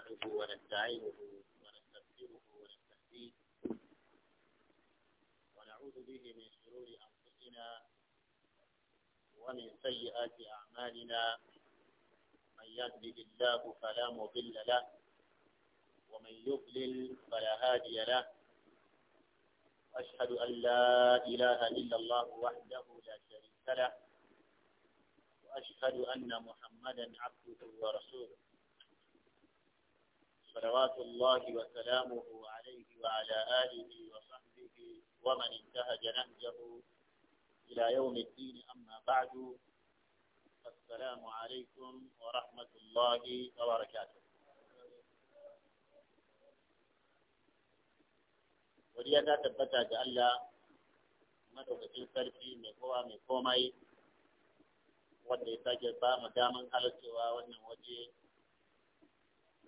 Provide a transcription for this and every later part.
نحمده ونستعينه ونستغفره ونستهديه ونعوذ به من شرور أنفسنا ومن سيئات أعمالنا من يهده الله فلا مضل له ومن يضلل فلا هادي له أشهد أن لا إله إلا الله وحده لا شريك له وأشهد أن محمدا عبده ورسوله صلوات الله وسلامه عليه وعلى آله وصحبه ومن انتهج نهجه إلى يوم الدين أما بعد السلام عليكم ورحمة الله وبركاته وليا ta tabbata جعل Allah madaukakin sarki mai kowa mai komai wanda ya sake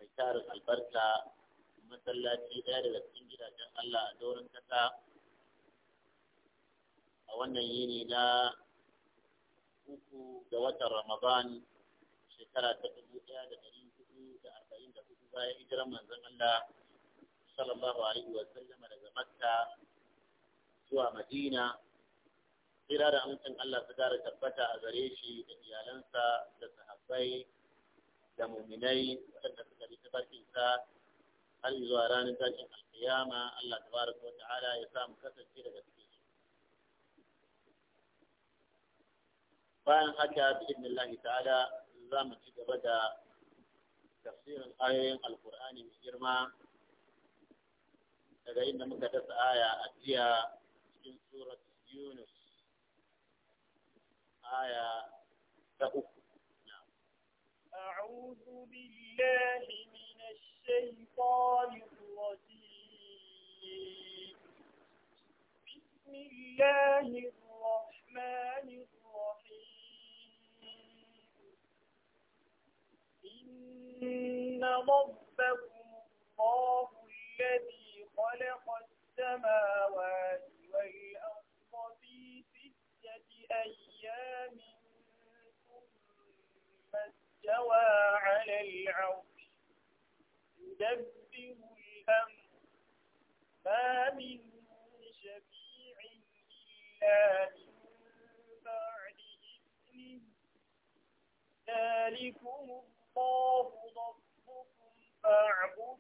mai tarin albarka masallaci ɗaya daga cikin gidajen Allah a doron kasa a wannan yini na uku da watan Ramadan shekara ta dubu ɗaya da ɗari hudu da arba'in da hudu bayan hijiran manzon Allah sallallahu alaihi wa sallama daga Makka zuwa Madina tsira da amincin Allah su gara tabbata a gare shi da iyalansa da sahabbai da muminai waɗanda suka bi tafarkinsa har zuwa ranar tashin alkiyama Allah tabaraka wa ta'ala ya samu kasance daga cikin su bayan haka bi idnillahi ta'ala za mu ci gaba da tafsirin ayoyin alkur'ani mai girma daga inda muka dasa aya a jiya cikin surat yunus aya ta uku أعوذ بالله من الشيطان الرجيم بسم الله الرحمن الرحيم إن ربكم الله الذي خلق السماوات والأرض في ستة أيام استوى على العرش يدبر الأمر ما من شفيع إلا من بعد إذنه ذلكم الله ربكم فاعبدوه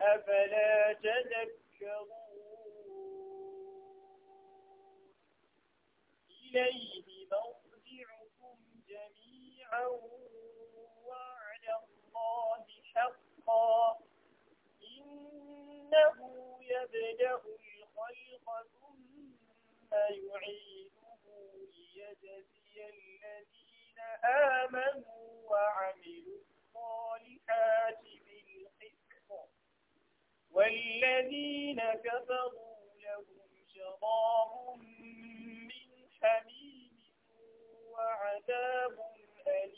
أفلا تذكرون إليه مرجعكم وعلى الله حقا إنه يبدأ الخلق ثم يعيده ليجزي الذين آمنوا وعملوا الصالحات بالحق والذين كفروا لهم شراب من حميم وعذاب أليم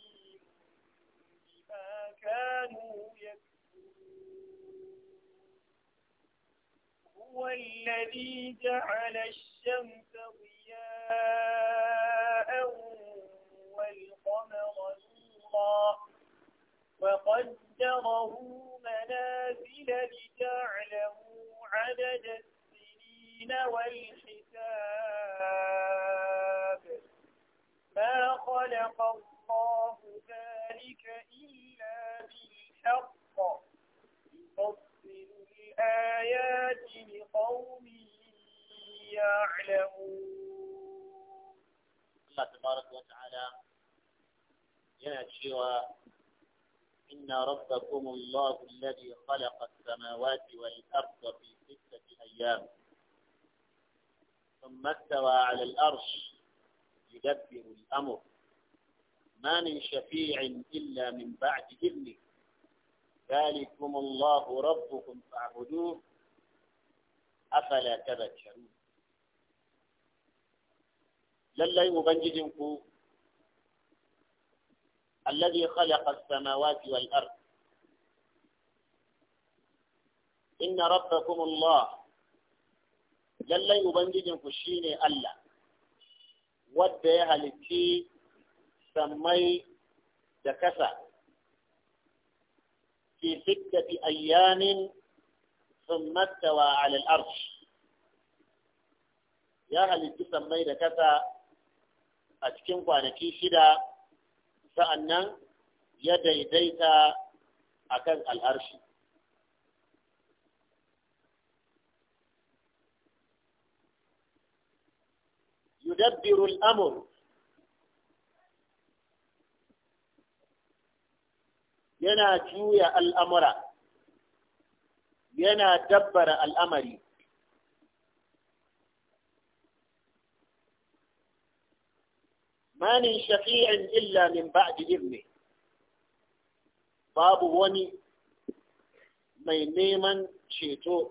بما كانوا يكفرون هو الذي جعل الشمس ضياء والقمر نورا وقدره منازل لتعلموا عدد السنين والحساب ما خلق الله الله ذلك إلا بالحق يفصل الآيات لقوم يعلمون الله تبارك وتعالى يا إن ربكم الله الذي خلق السماوات والأرض في ستة أيام ثم استوى على الأرش يدبر الأمر ما من شفيع إلا من بعد إذنه ذلكم الله ربكم فاعبدوه أفلا تذكرون للي أبنجدكم الذي خلق السماوات والأرض إن ربكم الله lallai Ubangijinku الشين ألا Allah, wadda ya سمي دكسا في ستة أيام ثم استوى على الأرض يا هل تسمي دكسا أتكن قانكي شدا فأنا يدي ديتا أكد الأرش يدبر الأمر yana juya al'amura yana dabbara al'amari ما من شفيع إلا من بعد إذنه babu wani mai neman ceto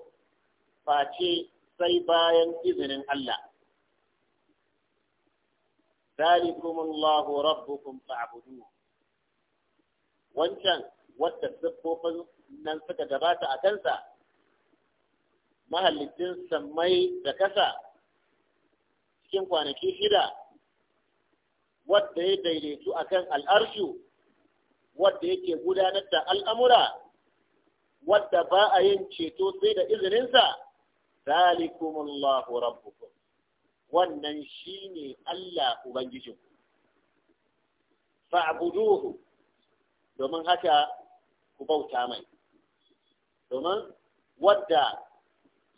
face sai bayan izinin Allah ذلكم الله ربكم فاعبدوه wancan wadda siffofin nan suka gabata a kansa mahallicin sammai da kasa cikin kwanaki shida wadda ya daidaitu a kan al'arshu wadda yake gudanar da al'amura wadda ba a yin ceto sai da izininsa zalikumullahu rabbuku, wannan shi ne Allah ubangijinku Fa’abuduhu, domin haka ku bauta mai domin wadda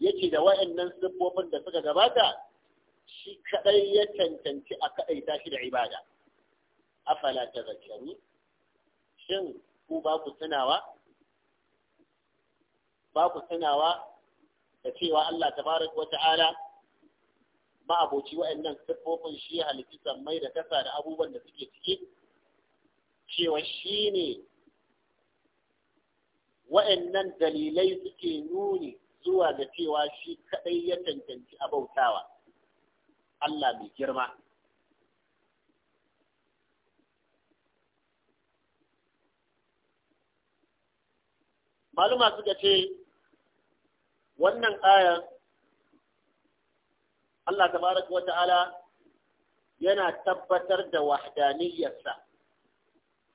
yake da wa'annan siffofin da suka gabata shi kadai ya cancanci a kadaita shi da ibada afala zakari shin ku ba ku tunawa ba ku tunawa da cewa Allah tabaraka wa ta'ala ma'aboci wa'annan siffofin shi halitta mai da kasa da abubuwan da suke ciki cewa shi ne waɗannan dalilai suke nuni zuwa da cewa shi kaɗai ya cancanci abautawa Allah mai girma. Maluma suka ce, wannan ayar Allah tabaraka wata ala yana tabbatar da wahdaniyarsa.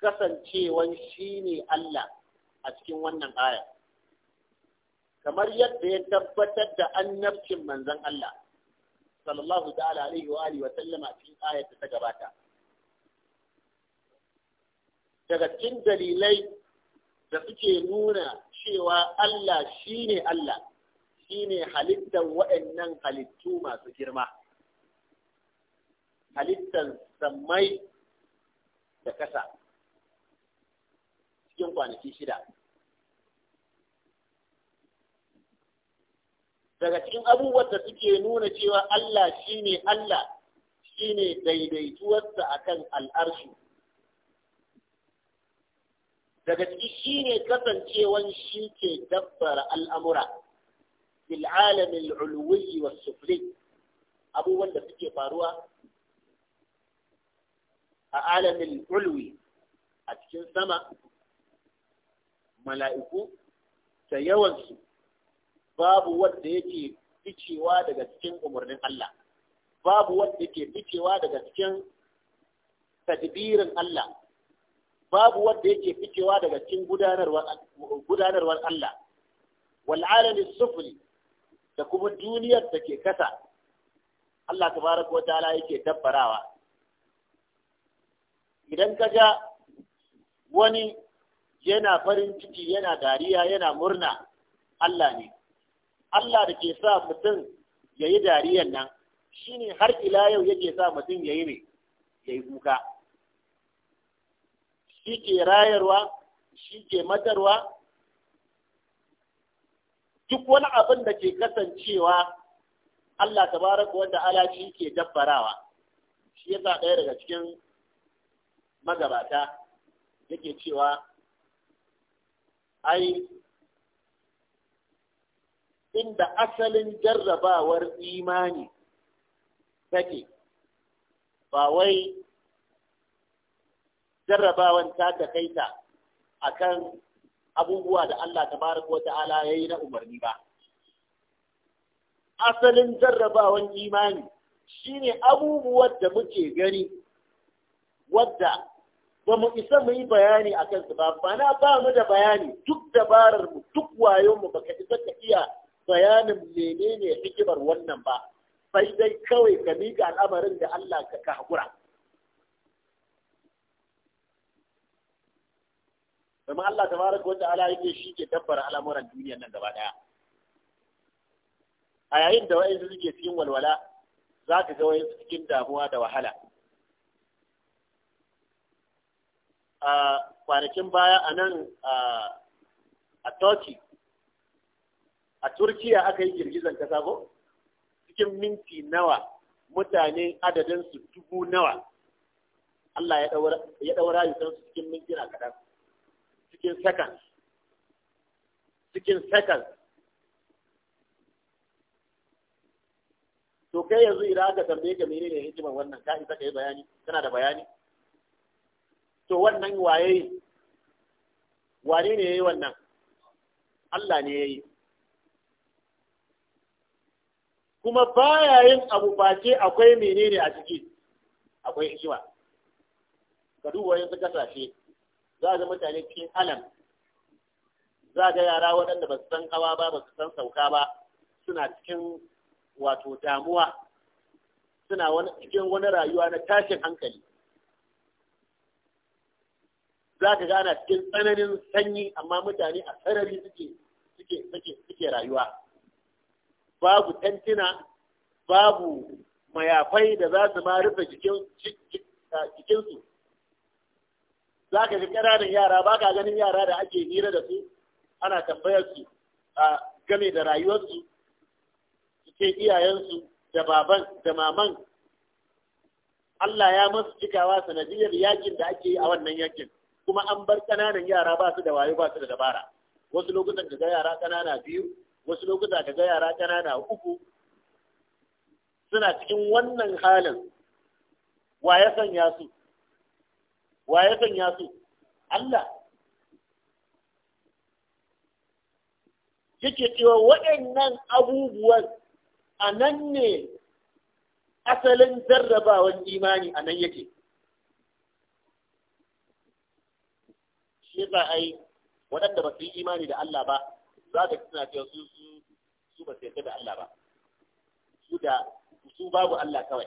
kasancewan shi ne Allah a cikin wannan aya kamar yadda ya tabbatar da annabcin manzon Allah sallallahu ta'ala alaihi wa alihi wa sallama cikin ayar ta gabata daga cikin dalilai da suke nuna cewa Allah shi ne Allah shi ne halittar waɗannan halittu masu girma halittar sammai da ƙasa cikin kwanaki shida daga cikin abubuwan da suke nuna cewa Allah shine Allah ne daidaituwarsa akan al'arshi daga ciki shine kasancewan shi ke dabbara al'amura bil'alamin al’ulwuyi wa sufri, abubuwan da suke faruwa a alamin ulwi a cikin sama mala'iku da yawansu babu wanda yake ficewa daga cikin umarnin Allah babu wanda yake ficewa daga cikin tadbirin Allah babu wanda yake ficewa daga cikin gudanarwar Allah wal'alani sufuri da kuma duniyar da ke kasa Allah Ta fara kuwa ta'ala yake tabbarawa. idan ka ga wani yana farin ciki yana dariya yana murna Allah ne Allah da ke sa mutum ya yi dariyan nan shi ne har ila yau yake sa mutum ya yi ne ya yi kuka shi ke rayarwa shi ke matarwa duk wani abin da ke kasancewa Allah tabaraka wanda ala shi ke dabbarawa shi yasa ɗaya daga cikin magabata yake cewa ai inda asalin jarrabawar imani take ba wai jarrabawan ta ta takaita akan abubuwa da Allah tabaraka wa ta'ala yayi na umarni ba asalin jarrabawan imani shine abubuwan da muke gani wadda ba mu isa mu yi bayani a kansu ba ba na ba mu da bayani duk dabarar mu duk wayon mu baka isa ka iya bayanin menene hikimar wannan ba sai dai kawai ka miƙa al'amarin da Allah ka ka hakura kuma Allah tabaraka wa ta'ala yake shi ke dabbar al'amuran duniyar nan gaba daya a yayin da wa'ansu suke cikin walwala za ka ga wa'ansu cikin damuwa da wahala a kwanakin baya a nan a turkey a turkiya aka yi girgizan kasa ko cikin minti nawa mutane adadinsu dubu nawa Allah ya ɗaura yutansu cikin mintina kaɗan cikin seconds cikin seconds to kai yanzu idan aka tambaye ka menene hikimar wannan ka isa ka yi bayani kana da bayani to wannan waye wane ne yayi wannan Allah ne yayi kuma baya yin abu ce akwai menene a ciki akwai hikima ka duba wani su kasashe za ga mutane cikin alam za ga yara waɗanda ba su san hawa ba ba su san sauka ba suna cikin wato damuwa suna cikin wani rayuwa na tashin hankali za ka gana cikin tsananin sanyi amma mutane a sarari suke rayuwa babu tantina babu mayafai da za su ma rufe jikinsu za ka ji ƙananan yara ba ka ganin yara da ake hira da su ana tambayar su a game da rayuwarsu suke iyayensu da baban da maman Allah ya masu cikawa sanadiyar yakin da ake yi a wannan yakin kuma an bar ƙananan yara ba su da wayo ba su da dabara wasu lokutan ka ga yara ƙanana biyu wasu lokuta ka ga yara ƙanana uku suna cikin wannan halin wa ya sanya su wa ya sanya su Allah yake cewa waɗannan abubuwan a nan ne asalin jarrabawan imani a nan yake shi yasa ai waɗanda ba su yi imani da Allah ba za ka suna cewa su su su ba su da Allah ba su da su babu Allah kawai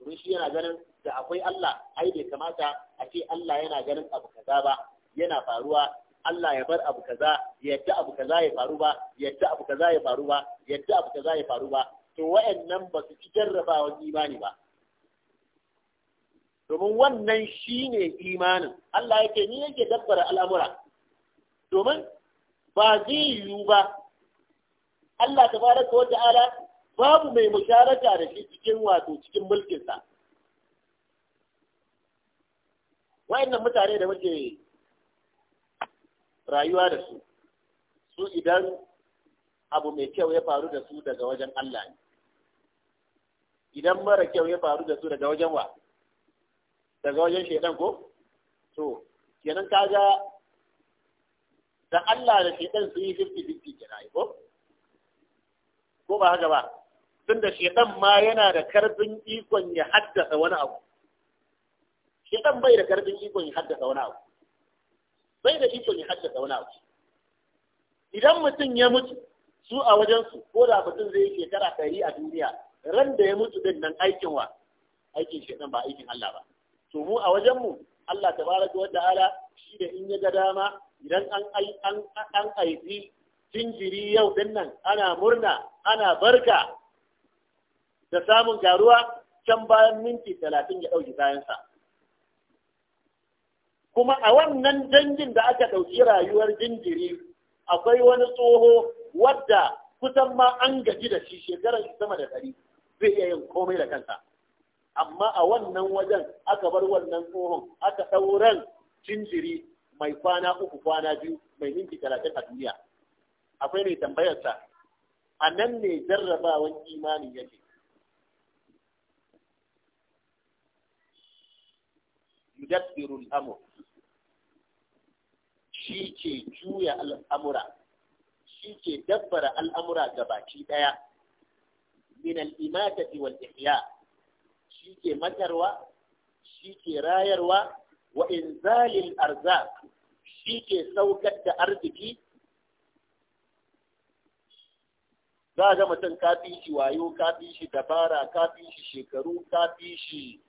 domin shi yana ganin da akwai Allah ai bai kamata a ce Allah yana ganin abu kaza ba yana faruwa Allah ya bar abu kaza yadda abu kaza ya faru ba yadda abu kaza ya faru ba yadda abu kaza ya faru ba to wayannan ba su ci jarrabawa imani ba domin wannan shi ne imanin Allah yake ni yake dabbara al'amura domin ba zai yiwu ba Allah ta fara ta wata ala babu mai musharaka da shi cikin wato cikin mulkinsa wa'annan mutane da muke rayuwa da su su idan abu mai kyau ya faru da su daga wajen Allah ne idan mara kyau ya faru da su daga wajen wa daga wajen shaidan ko to kenan kaga da Allah da shaidan su yi 50-50 kenan ko ko ba haka ba tunda shaidan ma yana da karfin ikon ya haddasa wani abu shaidan bai da karfin ikon ya haddasa wani abu bai da ikon ya haddasa wani abu idan mutum ya mutu su a wajensu ko da mutum zai shekara ɗari a duniya ran da ya mutu din nan aikin wa aikin shaidan ba aikin Allah ba to mu a wajen mu Allah tabaraka wa ta'ala shi da in ya ga dama idan an an an jinjiri yau din nan ana murna ana barka da samun garuwa can bayan minti talatin ya ɗauki kayansa kuma a wannan dangin da aka ɗauki rayuwar jinjiri akwai wani tsoho wadda kusan ma an gaji da shi shekarar sama da ɗari zai iya yin komai da kansa amma a wannan wajen aka bar wannan tsohon aka ɗauran jinjiri mai kwana uku kwana biyu mai minti talatin a duniya akwai mai tambayarsa a nan ne jarrabawan imanin yake yudaddirul amur shi ke juya al'amura shi ke dabbara al'amura gabaki ɗaya minal imatati wal ihya' shi ke matarwa shi ke rayarwa wa zalil arzak shi ke saukar da arziki za ga mutum kafi shi wayo kafi shi dabara kafi shi shekaru kafi shi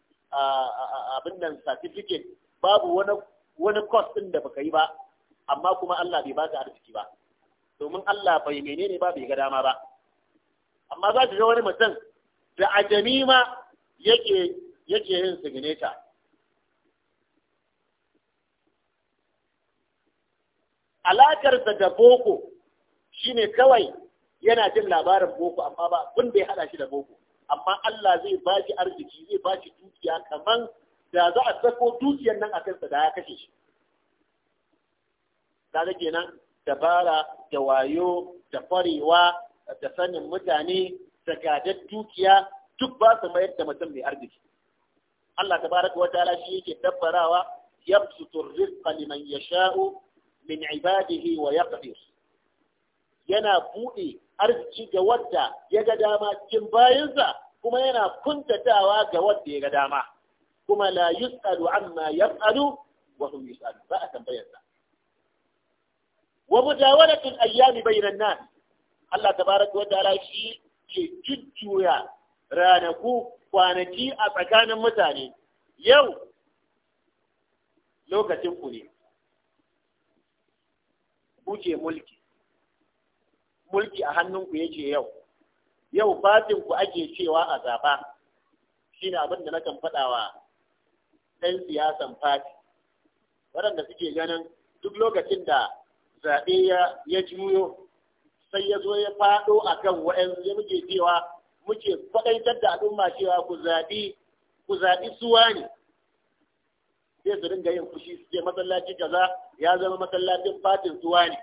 abin nan certificate babu wani wani da baka yi ba amma kuma Allah bai baka arziki ba domin Allah bai menene ba bai ga dama ba amma za ka ga wani mutum da ajami ma yake yin signeta alakarsa da boko shine kawai yana jin labarin boko amma ba kun da ya hada shi da boko amma Allah zai ba shi arziki zai ba shi dukiya kaman da za a sako dukiyar nan a kansa da ya kashe shi kaga kenan dabara da wayo da farewa da sanin mutane da gadar dukiya duk ba su mayar da mutum mai arziki Allah tabaraka wa ta'ala shi yake dabbarawa yabsutu rizqa liman yasha'u min ibadihi wa yaqdir yana bude arziki ga wanda ya ga dama cikin bayansa kuma yana kuntatawa ga wanda ya ga dama kuma la yus'alu amma yas'alu wa hum yus'alu ba a tambayarsa. sa wa mujawalatul ayyami bainan nas Allah tabaraka wa ta'ala shi ke jujjuya ranaku kwanaki a tsakanin mutane yau lokacin ku ne kuke mulki mulki a hannunku yake yau yau ku ake cewa a zaba shi ne abinda da na kan faɗawa ɗan siyasan fati waɗanda suke ganin duk lokacin da zaɓe ya juyo sai ya zo ya faɗo a kan wa'yansu ya muke cewa muke kwadaitar da al'umma cewa ku zaɓi ku zaɓi suwa ne sai su dinga yin fushi su ce masallaci kaza ya zama masallacin fatin suwa ne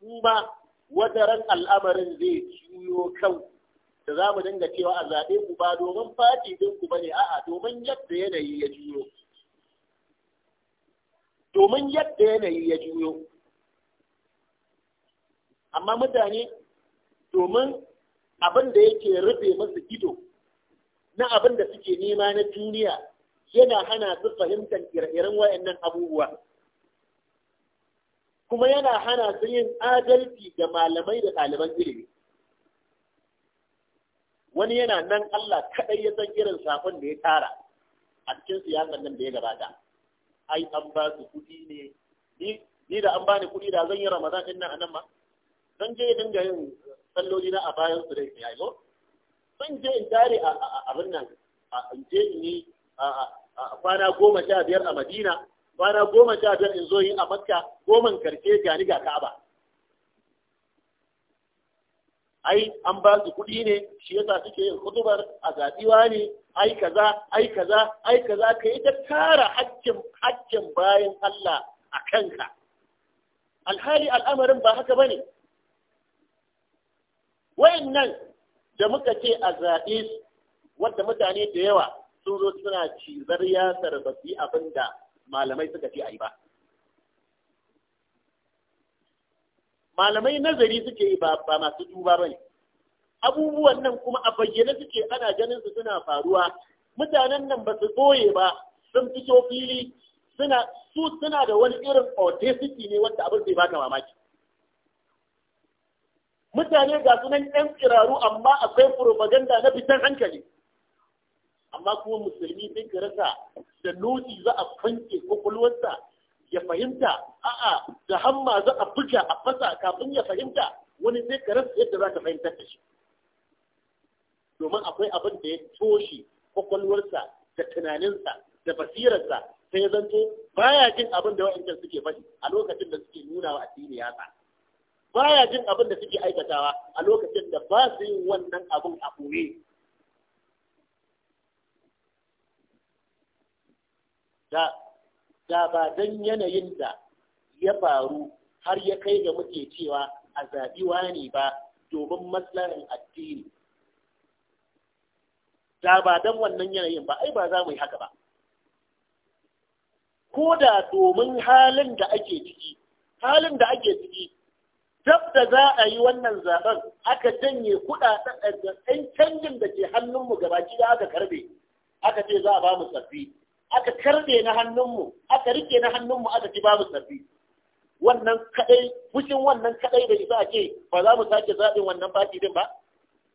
kuma wata ran al'amarin zai ciyo kan da za mu dinga cewa a zaɓe ku ba domin fati din ku bane a'a domin yadda yanayi ya juyo domin yadda yanayi ya juyo amma mutane domin abin da yake rufe masu ido na abin da suke nema na duniya yana hana su fahimtar ire-iren wayannan abubuwa kuma yana hana su yin adalci da malamai da ɗaliban ilimi wani yana nan Allah kaɗai ya san irin sakon da ya tara a cikin siyasar nan da ya gabata ai an ba su kuɗi ne ni da an bani kuɗi da zan yi ramadan ɗin nan a nan ma zan je dinga yin salloli na a bayan su dai ya zo sun je in tare a abin nan in je in yi kwana goma sha biyar a madina kwana goma sha biyar in zo yi a makka goman karshe gani ga ka'aba ai an ba su kuɗi ne shi yasa suke yin hudubar a zaɓiwa ne ai kaza ai kaza ai kaza ka yi ta tara hakkin hakkin bayan Allah a kanka alhali al'amarin ba haka bane wayannan da muka ce a zaɓe su wanda mutane da yawa sun zo suna cizar ya ba abin da malamai suka ce a yi ba malamai nazari suke yi ba masu duba ba ne abubuwan nan kuma a bayyane suke ana ganin su suna faruwa mutanen nan ba su ɓoye ba sun fito fili suna su suna da wani irin authenticity ne wanda abin zai baka mamaki mutane ga sunan yan kiraru amma akwai furfaganda na fitan hankali amma kuma musulmi sun karasa rasa da noti za a fanke kwakwalwarsa ya fahimta a'a da hamma za a buga a fasa kafin ya fahimta wani sai ka rasa yadda za ka fahimtar da shi domin akwai abin da ya toshe kwakwalwarsa da tunaninsa da basirarsa sai ya zanto baya jin abin da wa'ancan suke faɗi a lokacin da suke nuna wa addini yatsa baya jin abin da suke aikatawa a lokacin da ba su yin wannan abin a ɓoye da ba don yanayin da ya faru har ya kai ga muke cewa a zaɓi wani ba domin maslahin addini da ba don wannan yanayin ba ai ba za mu yi haka ba ko da domin halin da ake ciki halin da ake ciki dab da za a yi wannan zaben aka janye eh, ɗan canjin da ke hannunmu gaba ki da aka karbe aka ce za a ba mu sabbi aka karbe na hannunmu aka rike na hannunmu aka ci ba mu sabbi wannan kadai fushin wannan kadai da isa ce ba za mu sake zaɓin wannan fati din ba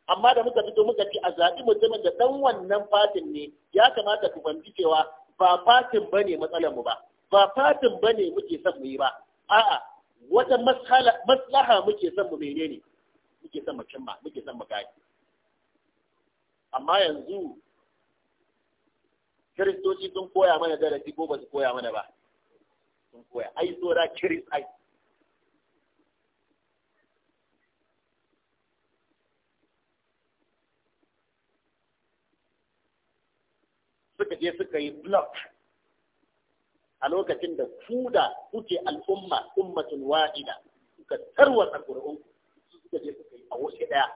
amma da muka fito muka ce a zaɓi mutumin da ɗan wannan fatin ne ya kamata ku fahimci cewa ba fatin ba ne matsalar mu ba ba fatin ba ne muke son mu yi ba a'a wata maslaha muke son mu menene muke son mu cimma muke son mu amma yanzu kiristoci sun koya mana darasi ko ba su koya mana ba sun koya ai tsora kiris ai suka je suka yi block a lokacin da ku da kuke al'umma ummatin wahida suka tarwata qur'an suka je suka a wuce daya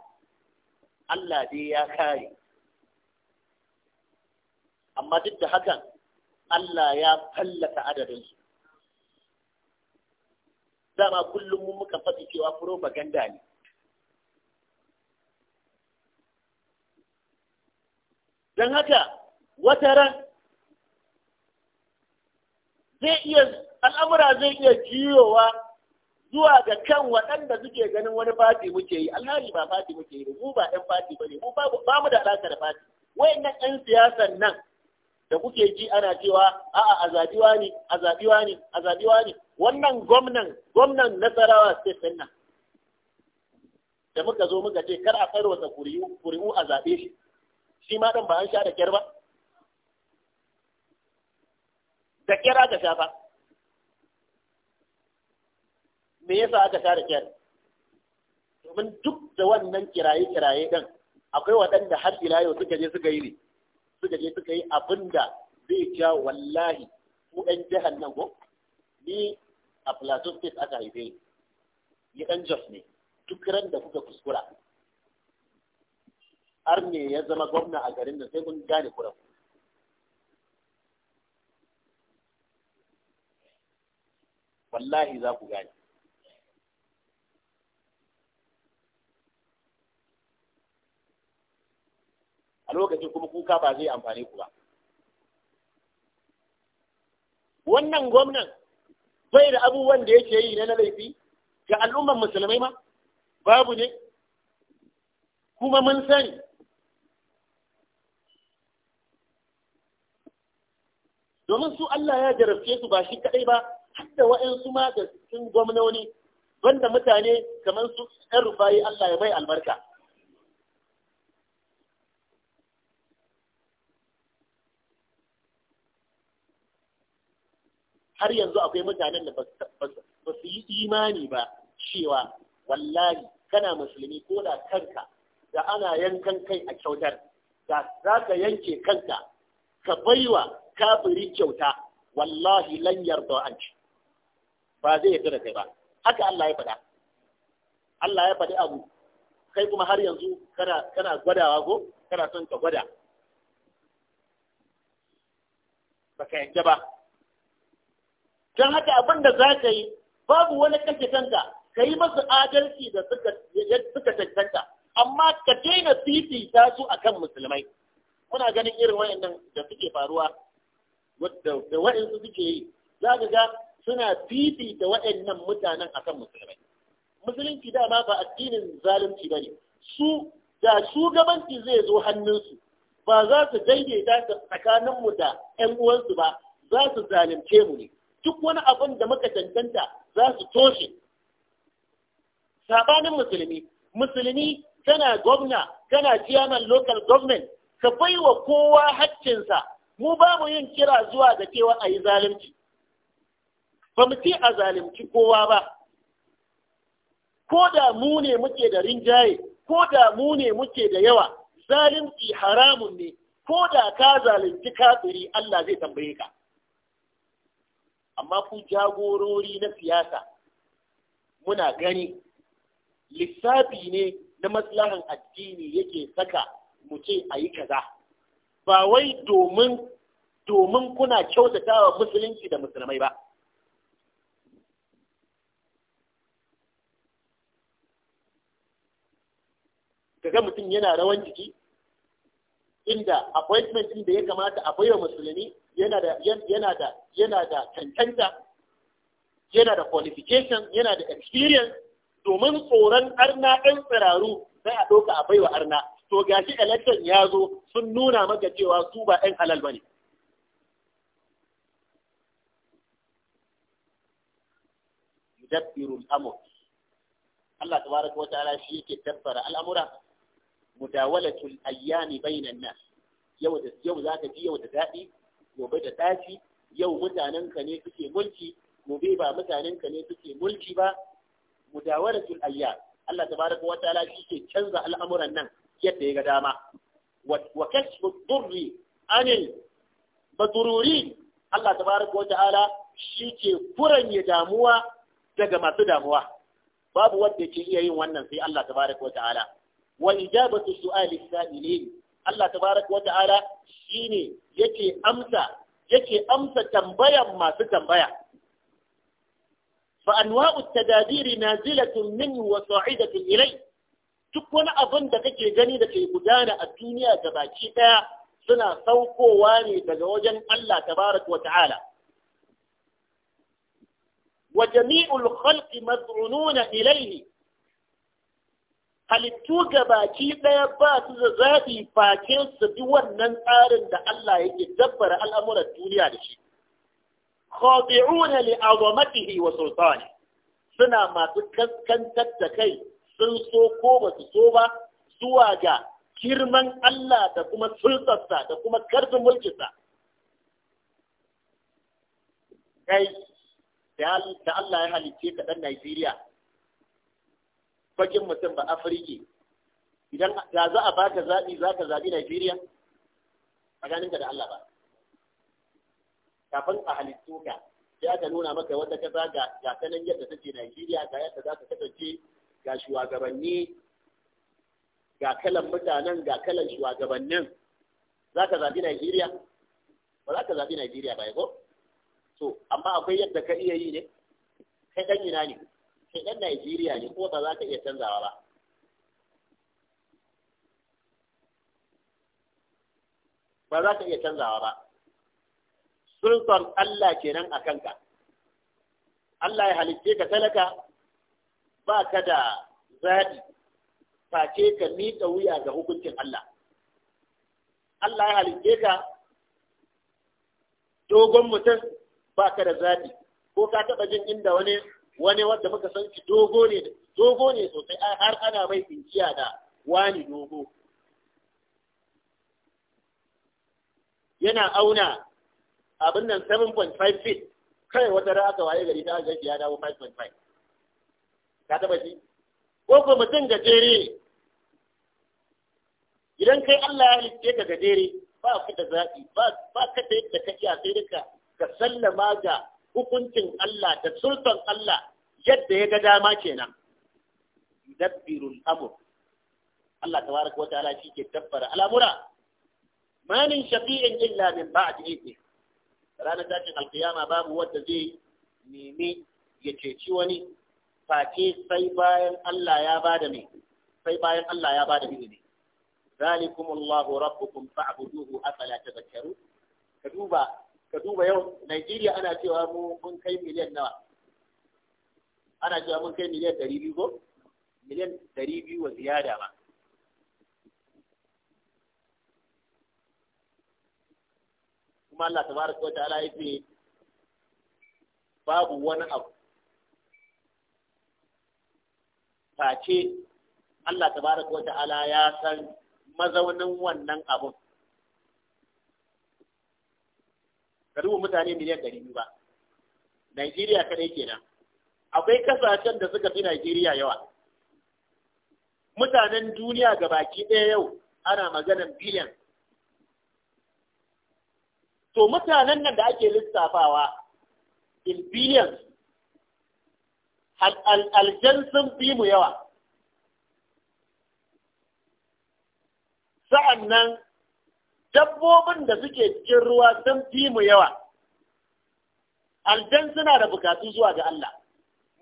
Allah dai ya kare amma duk da hakan Allah ya fallata adadinsu dama kullum mun muka faɗi cewa propaganda ne don haka wata ran zai iya al'amura zai iya jiyowa zuwa ga kan waɗanda suke ganin wani fati muke yi alhali ba fati muke yi mu ba ɗan fati ba ne mu ba mu da alaƙa da fati wayannan ɗan siyasan nan da kuke ji ana cewa a'a a zabiwa ne a zabiwa ne a zabiwa ne wannan gwamnan gwamnan nasarawa state ɗin nan da muka zo muka ce kar a tsaro wasa kuri'u a zaɓe shi shi ma ɗan ba an sha da kyar ba da kyar aka sha fa me yasa aka sha da kyar domin duk da wannan kiraye-kiraye ɗin akwai waɗanda har ila yau suka je suka yi ne suka je suka yi abin da zai ja wallahi ko ɗan jihar nan ko ni a plateau state aka haife ni ɗan jos ne duk ran da kuka kuskura har ne ya zama gwamna a garin da sai kun gane kuran wallahi za ku gane a lokacin kuma kuka ba zai amfani ku ba wannan gwamnan bai da abubuwan da yake yi na laifi ga al'ummar musulmai ma babu ne kuma mun sani domin su Allah ya jarabce su ba shi kadai ba hadda wa'ansu ma da cikin gwamnoni wanda mutane kamar su ɗan rufayi Allah ya bai albarka. Har yanzu akwai mutanen da ba su yi imani ba cewa wallahi kana musulmi ko da kanka da ana yankan kai a kyautar da za ka yanke kanka ka baiwa kafiri kyauta wallahi lanyar da an ci. ba zai yarda da kai ba haka Allah ya faɗa Allah ya faɗi abu kai kuma har yanzu kana kana gwadawa ko kana son ka gwada ba ka yanke ba don haka abin da za ka yi babu wani kake kanka ka yi masu adalci da suka cancanta amma ka daina fifita su akan musulmai muna ganin irin wayannan da suke faruwa da su suke yi za ka ga suna fifita waɗannan mutanen akan musulmai musulunci dama ba addinin zalunci ne, su da shugabanci zai zo hannunsu ba za su daidaita tsakaninmu da 'yan uwansu ba za su zalunce mu ne duk wani abin da muka cancanta za su toshe sabanin musulmi musulmi kana gwamna kana jiyanar local government ka bai wa kowa haccinsa, mu ba mu yin kira zuwa ga cewa a yi zalunci ba mu ce a zalunci kowa ba ko da mu ne muke da rinjaye ko da mu ne muke da yawa zalunci haramun ne ko da ka zalunci kafiri Allah zai tambaye ka amma ku jagorori na siyasa muna gani lissafi ne na maslahan addini yake saka mu ce a yi kaza ba wai domin kuna kyautatawa musulunci da musulmai ba ga mutum yana rawan jiki inda appointment din da ya kamata a baiwa musulmi yana da yana da yana da cancanta yana da qualification yana da experience domin tsoron arna ɗan tsiraru sai a ɗauka a baiwa arna to gashi election ya zo sun nuna maka cewa su ba ɗan halal bane yudabbirul amr Allah tabaraka wa ta'ala shi yake dabbara al'amura mudawalatul ayyami bainan nas yau da yau zaka ji yau da dadi gobe da tashi yau mutanen ka ne suke mulki gobe ba mutanen ka ne suke mulki ba mudawalatul ayya Allah tabaraka wa ta'ala shi ke canza al'amuran nan yadda ya ga dama wa kashfu durri anil madururin Allah tabaraka wa ta'ala shi ke kuranye damuwa daga masu damuwa babu wanda ke iya yin wannan sai Allah tabaraka wa ta'ala wa ijabatu su'ali sa'ilin Allah tabaraka wa ta'ala shine yake amsa yake amsa tambayan masu tambaya fa anwa'u na nazilatun minhu wa sa'idatun ilai duk wani abin da kake gani da ke gudana a duniya da baki daya suna saukowa ne daga wajen Allah tabaraka wa ta'ala wa jami'ul khalqi maz'ununa ilayhi halittu ga baki ɗaya ba su da zaɓi bakin su bi wannan tsarin da Allah yake dabbara al'amuran duniya da shi. Khadi'una li azamatihi wa sultani suna masu kaskantar da kai sun so ko ba su so ba zuwa ga girman Allah da kuma sultarsa da kuma karfin mulkinsa. Kai da Allah ya halicce ka ɗan Najeriya bakin mutum ba afirki idan da za a baka zaɓi za ka zaɓi Najeriya a ganinka da Allah ba kafin a halittu ka sai aka nuna maka wata kasa ga ga sanan yadda take Najeriya ga yadda za ka kasance ga shugabanni ga kalan mutanen ga kalan shugabannin za ka zaɓi Najeriya ba za ka zaɓi Najeriya ba ya ko to amma akwai yadda ka iya yi ne kai ɗan ina ne kai ɗan Najeriya ne ko ba za ka iya canzawa ba ba za ka iya canzawa ba sultan Allah kenan a kanka Allah ya halicce ka talaka ba ka da zaɓi face ka miƙa wuya ga hukuncin Allah Allah ya halicce ka dogon mutum ba ka da zaɗi ko ka taɓa jin inda wani wani wanda muka san shi dogo ne dogo ne sosai har ana mai tsinciya da wani dogo yana auna abin nan 7.5 feet kai wata ra aka waye gari ta gaji ya dawo 5.5 ka taba shi ko ko mutum gajere idan kai Allah ya halitta ka gajere ba ku da zaɓi ba ka da yadda ka iya sai duka ka sallama ga hukuncin Allah da sultan Allah yadda ya ga dama kenan yudabbirul amr Allah tabaraka wa ta'ala shi ke tabbara al'amura ma min shafi'in illa min ba'di idni ranar tashin alkiyama babu wanda zai nemi ya ceci wani face sai bayan Allah ya bada mai sai bayan Allah ya bada izini zalikum rabbukum fa'buduhu afala tadhakkarun ka duba ka duba yau Najeriya ana cewa mu mun kai miliyan nawa ana cewa mun kai miliyan ɗari biyu ko miliyan ɗari biyu wa ziyada ma kuma Allah tabaraka wa ta'ala ya ce babu wani abu face Allah tabaraka wa ta'ala ya san mazaunin wannan abun ka duba mutane miliyan ɗari biyu ba Najeriya kadai kenan akwai kasashen da suka fi Najeriya yawa mutanen duniya ga baki ɗaya yau ana maganan biliyan to mutanen nan da ake lissafawa in biliyan aljan sun fi mu yawa sa'an nan dabbobin da suke cikin ruwa sun fi mu yawa aljan suna da bukatu zuwa ga Allah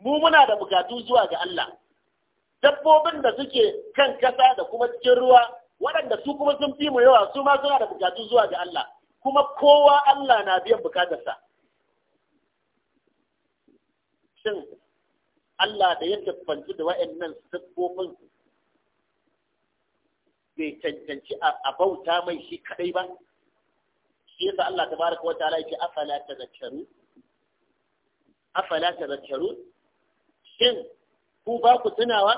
mu muna da bukatu zuwa ga Allah dabbobin da suke kan kasa da kuma cikin ruwa waɗanda su kuma sun fi mu yawa su ma suna da bukatu zuwa ga Allah kuma kowa Allah na biyan bukatarsa shin Allah da ya tafanci da wa'annan dabbobin bai cancanci a bauta mai shi kadai ba shi yasa Allah tabaraka wa ta'ala yake afala tazakkaru afala tazakkaru shin ku ba ku tunawa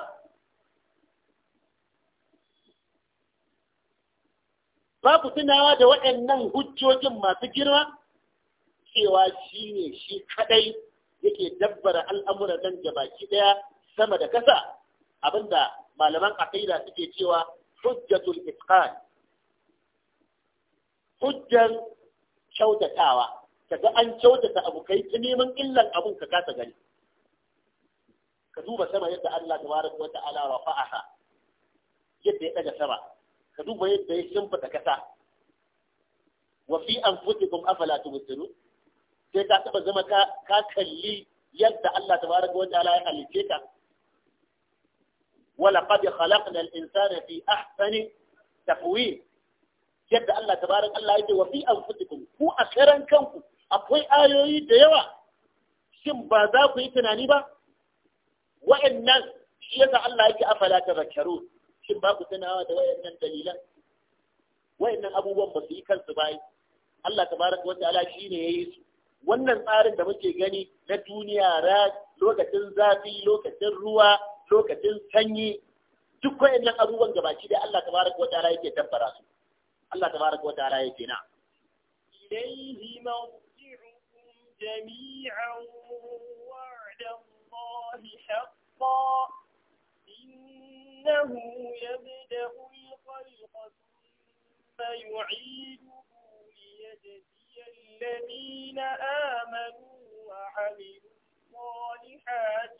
ba ku tunawa da waɗannan hujjojin masu girma cewa shi ne shi kadai yake dabbara al'amuran nan baki ɗaya sama da kasa abinda malaman aqida suke cewa hujjatul itqan hujjar kyautatawa kaga an kyautata abokai, kai neman illan abun ka kasa gani ka duba sama yadda Allah tabaraka wa ta'ala rafa'aha yadda ya daga sama ka duba yadda ya shimfida kasa wa fi anfusikum afala tubsirun sai ka taba zama ka kalli yadda Allah tabaraka wa ta'ala ya halice ka ولقد خلقنا الإنسان في أحسن yadda Allah tabarak Allah yake wa fi anfusikum ku a karan kanku akwai ayoyi da yawa shin ba za ku yi tunani ba wa'annan yasa Allah yake afala tazakkaru shin ba ku tunawa da wa'annan dalilan wa'annan abubuwan ba su yi kansu ba Allah tabarak wa ta'ala shine yayi su wannan tsarin da muke gani na duniya lokacin zafi lokacin ruwa lokacin sanyi duk wayannan abubuwan gabaki da Allah tabaraka wa ta'ala yake tabbara su Allah tabaraka wa ta'ala yake na ilayhi mawdi'ukum jami'an wa'da Allah haqqan innahu yabda'u al-khalqa thumma yu'iduhu amanu الذين آمنوا وعملوا الصالحات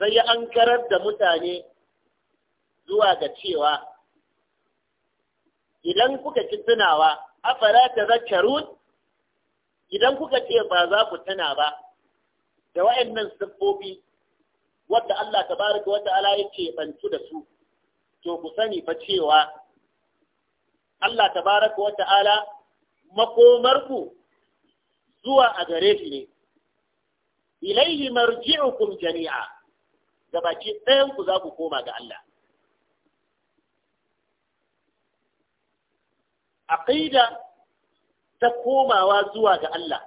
sai ya ankarar da mutane zuwa ga cewa idan kuka ci tunawa afara ta zakarun idan kuka ce ba za ku tuna ba da wayannan siffofi wadda Allah tabaraka wata ala ya bantu da su to ku sani fa cewa Allah tabaraka wata ala makomarku zuwa a gare shi ne ilaihi marji'ukum jami'a gabaki ɗayan ku za ku koma ga Allah aƙida ta komawa zuwa ga Allah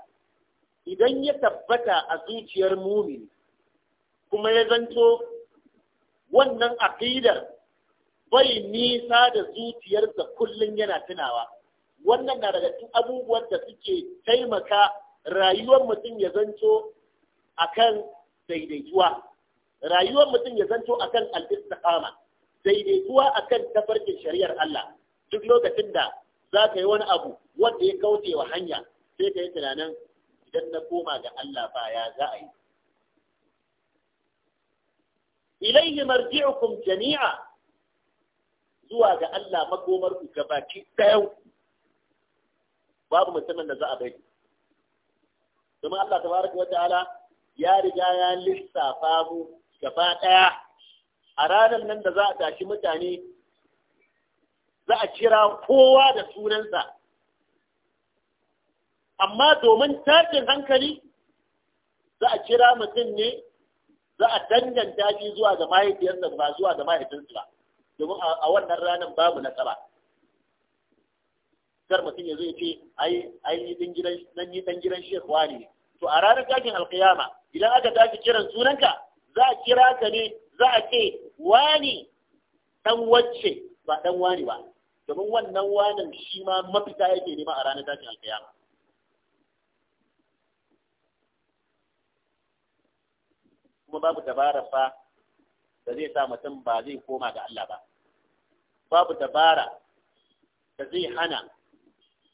idan ya tabbata a zuciyar mumini kuma ya zanto wannan aƙidar. bai nisa da zuciyarsa kullum yana tunawa wannan na daga cikin abubuwan da suke taimaka rayuwar mutum ya zanto kan daidaituwa rayuwar mutum ya zanto akan al-istiqama daidaituwa akan tafarkin shari'ar Allah duk lokacin da za ka yi wani abu wanda ya kauce wa hanya sai ka yi tunanin idan na koma ga Allah ba ya za a yi ilaihi marji'ukum jami'a zuwa ga Allah makomar ku gabaki ɗaya babu mutumin da za a bai domin Allah tabaraka wa ta'ala ya riga ya lissafa mu gaba ɗaya a ranar nan da za a tashi mutane za a kira kowa da sunansa amma domin tashin hankali za a kira mutum ne za a danganta shi zuwa ga mahaifiyarsa ba zuwa ga mahaifinsa ba domin a wannan ranar babu nasara kar mutum ya zo ce ai ni dan gidan ne to a ranar tashin alkiyama idan aka tashi kiran sunanka za a kira ka ne za a ce wani dan wacce ba dan wani ba domin wannan wanin shi ma mafita yake nema a ranar tashin alkiyama kuma babu dabara fa da zai sa mutum ba zai koma ga Allah ba babu dabara da zai hana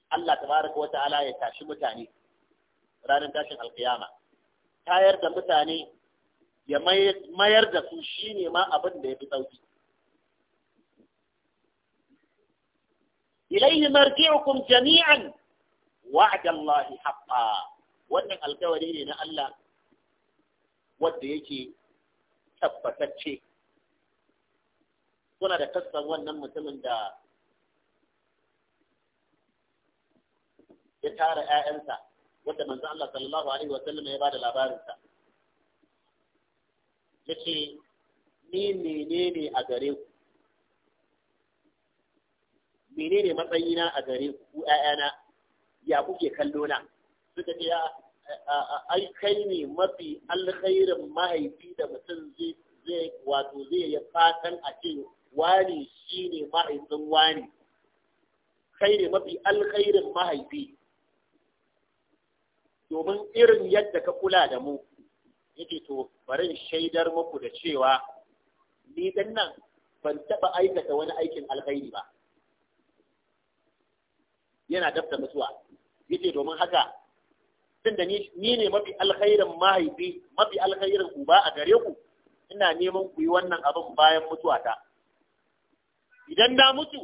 Allah tabaraka ala ya tashi mutane ranar tashin alkiyama tayar da mutane ya mayar da su shine ma abin da ya fi sauki ilaihi marji'ukum jami'an wa'da lahi haɓɓa. wannan alkawari ne na Allah wadda yake tabbatacce kuna da kasar wannan mutumin da ya tara ‘ya'yansa wadda manzo Allah sallallahu Alaihi wasallam ya ba da labarinsa. yake ce ni menene a gare ku menene matsayina a gare ku ‘ya'yana ya kuke kallo na suka ce ai kai ne mafi alkhairin mahaifi da mutum zai wato zai yi fatan a ce wani shi ne mahaifin wani kai ne mafi alkhairin mahaifi domin irin yadda ka kula da mu yake to bari shaidar muku da cewa ni dan nan ban taba aikata wani aikin alkhairi ba yana dafta mutuwa ce domin haka tunda da ni ne mafi alkhairin mahaifi mafi alkhairin uba a gare ku ina neman ku yi wannan abin bayan mutuwata idan na mutu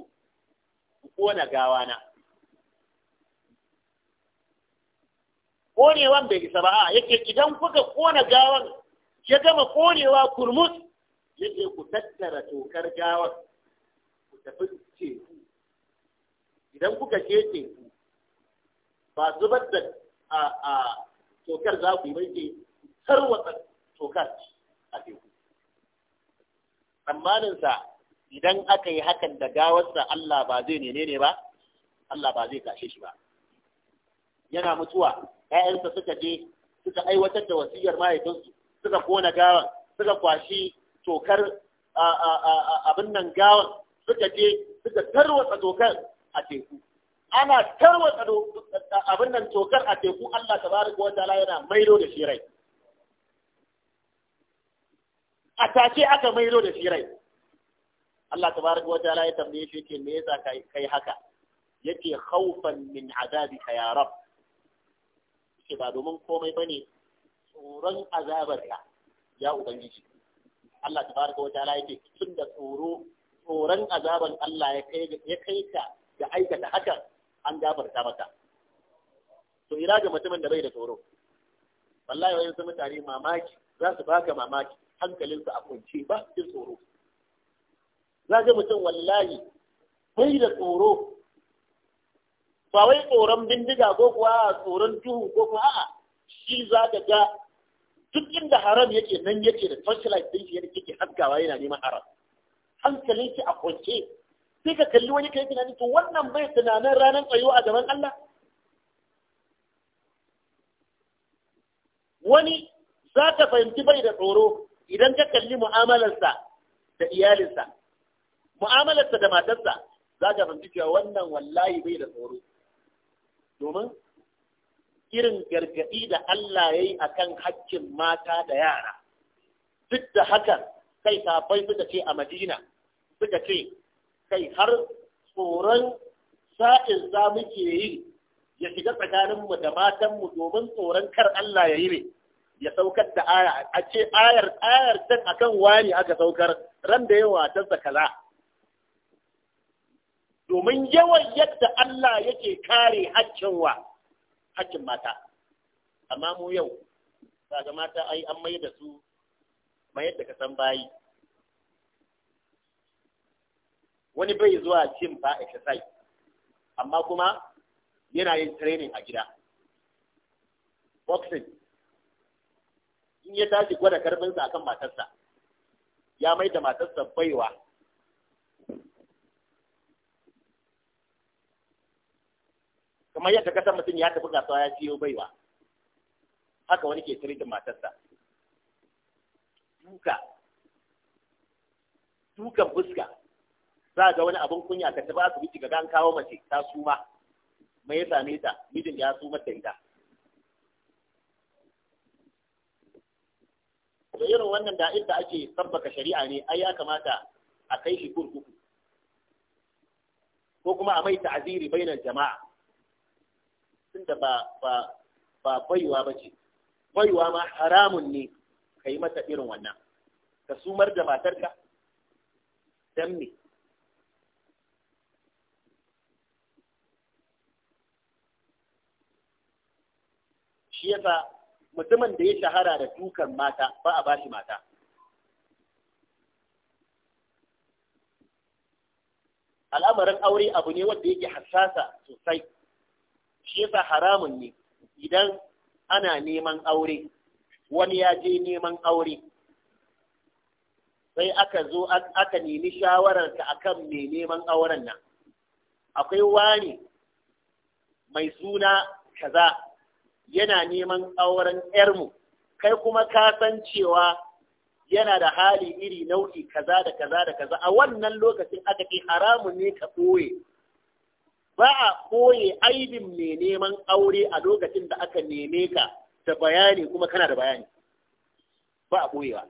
ku kona gawana konewan bai isa ba a yake idan kuka kona gawan ya gama konewa kurmus yake ku tattara tokar gawan ku tafi teku idan kuka ke teku ba zubar da a a tokar za ku yi bai ke tarwata tokar a teku tsammaninsa idan aka yi hakan da gawarsa Allah ba zai nene ne ba Allah ba zai kashe shi ba yana mutuwa ƴaƴansa suka je suka aiwatar da wasiyar mahaifinsu suka kona gawan suka kwashi tokar abin nan gawan suka je suka tarwatsa tokar a teku ana tarwatsa abin nan tokar a teku Allah tabaraka wa ta'ala yana maido da shi rai a tace aka maido da shi rai Allah tabaraka wa ta'ala ya tambaye shi yake me yasa kai haka yake khaufan min azabi ya rab ce ba domin komai ba ne tsoron azabarka ya ubangiji Allah ta tabaraka wa ta'ala yake tun da tsoro tsoron azaban Allah ya kai ya ka ga aikata haka an gafarta mata to ira ga mutumin da bai da tsoro wallahi wayansu mutane mamaki za su baka mamaki hankalinsu a kunce ba cikin tsoro za ga mutum wallahi bai da tsoro ba wai tsoron bindiga ko kuwa tsoron duhu ko kuwa a shi za ka ga duk inda haram yake nan yake da torchlight din shi kike haskawa yana neman haram hankalin shi a kwance sai ka kalli wani kai tunani to wannan bai tunanin ranar tsayo a gaban Allah wani za ka fahimci bai da tsoro idan ka kalli mu'amalarsa da iyalinsa mu'amalarsa da matarsa za ka fahimci cewa wannan wallahi bai da tsoro domin irin gargaɗi da Allah ya yi a kan haƙƙin mata da yara duk da hakan kai safai suka ce a madina suka ce kai har tsoron sa'in za muke yi ya shiga tsakaninmu da matanmu domin tsoron kar Allah ya yi ne ya saukar da aya a ce ayar ayar can akan wani aka saukar ran da yawa ta zakala domin yawan yadda Allah yake kare haccinwa haccin mata amma mu yau ga mata ai an mai da su mai yadda ka san bayi wani bai zuwa cin ba exercise amma kuma yana yin training a gida boxing in ya tashi gwada karfinsa akan matarsa ya mai da matarsa baiwa kamar yadda ka mutum ya tafi kasuwa ya siyo baiwa haka wani ke tiridin matarsa duka dukan fuska za ga wani abin kunya ka tafi asibiti ga an kawo mace ta suma mai ya same ta mijin ya suma da ita da irin wannan da inda ake sabbaka shari'a ne ai ya kamata a kai shi kurkuku ko kuma a mai ta'aziri bainar jama'a tunda ba ba ba baiwa bace baiwa ma haramun ne kai mata irin wannan ka sumar da matarka dan me shi yasa mutumin da ya shahara da dukan mata ba a bashi mata al'amarin aure abu ne wanda yake hassasa sosai shi yasa haramun ne idan ana neman aure wani ya je neman aure sai aka zo aka nemi shawarar ka akan mai neman auren nan akwai wani mai suna kaza yana neman auren yarmu kai kuma ka san cewa yana da hali iri nau'i kaza da kaza da kaza a wannan lokacin aka ce haramun ne ka ɓoye ba a koye aibin mai neman aure a lokacin da aka neme ka da bayani kuma kana da bayani ba a koyewa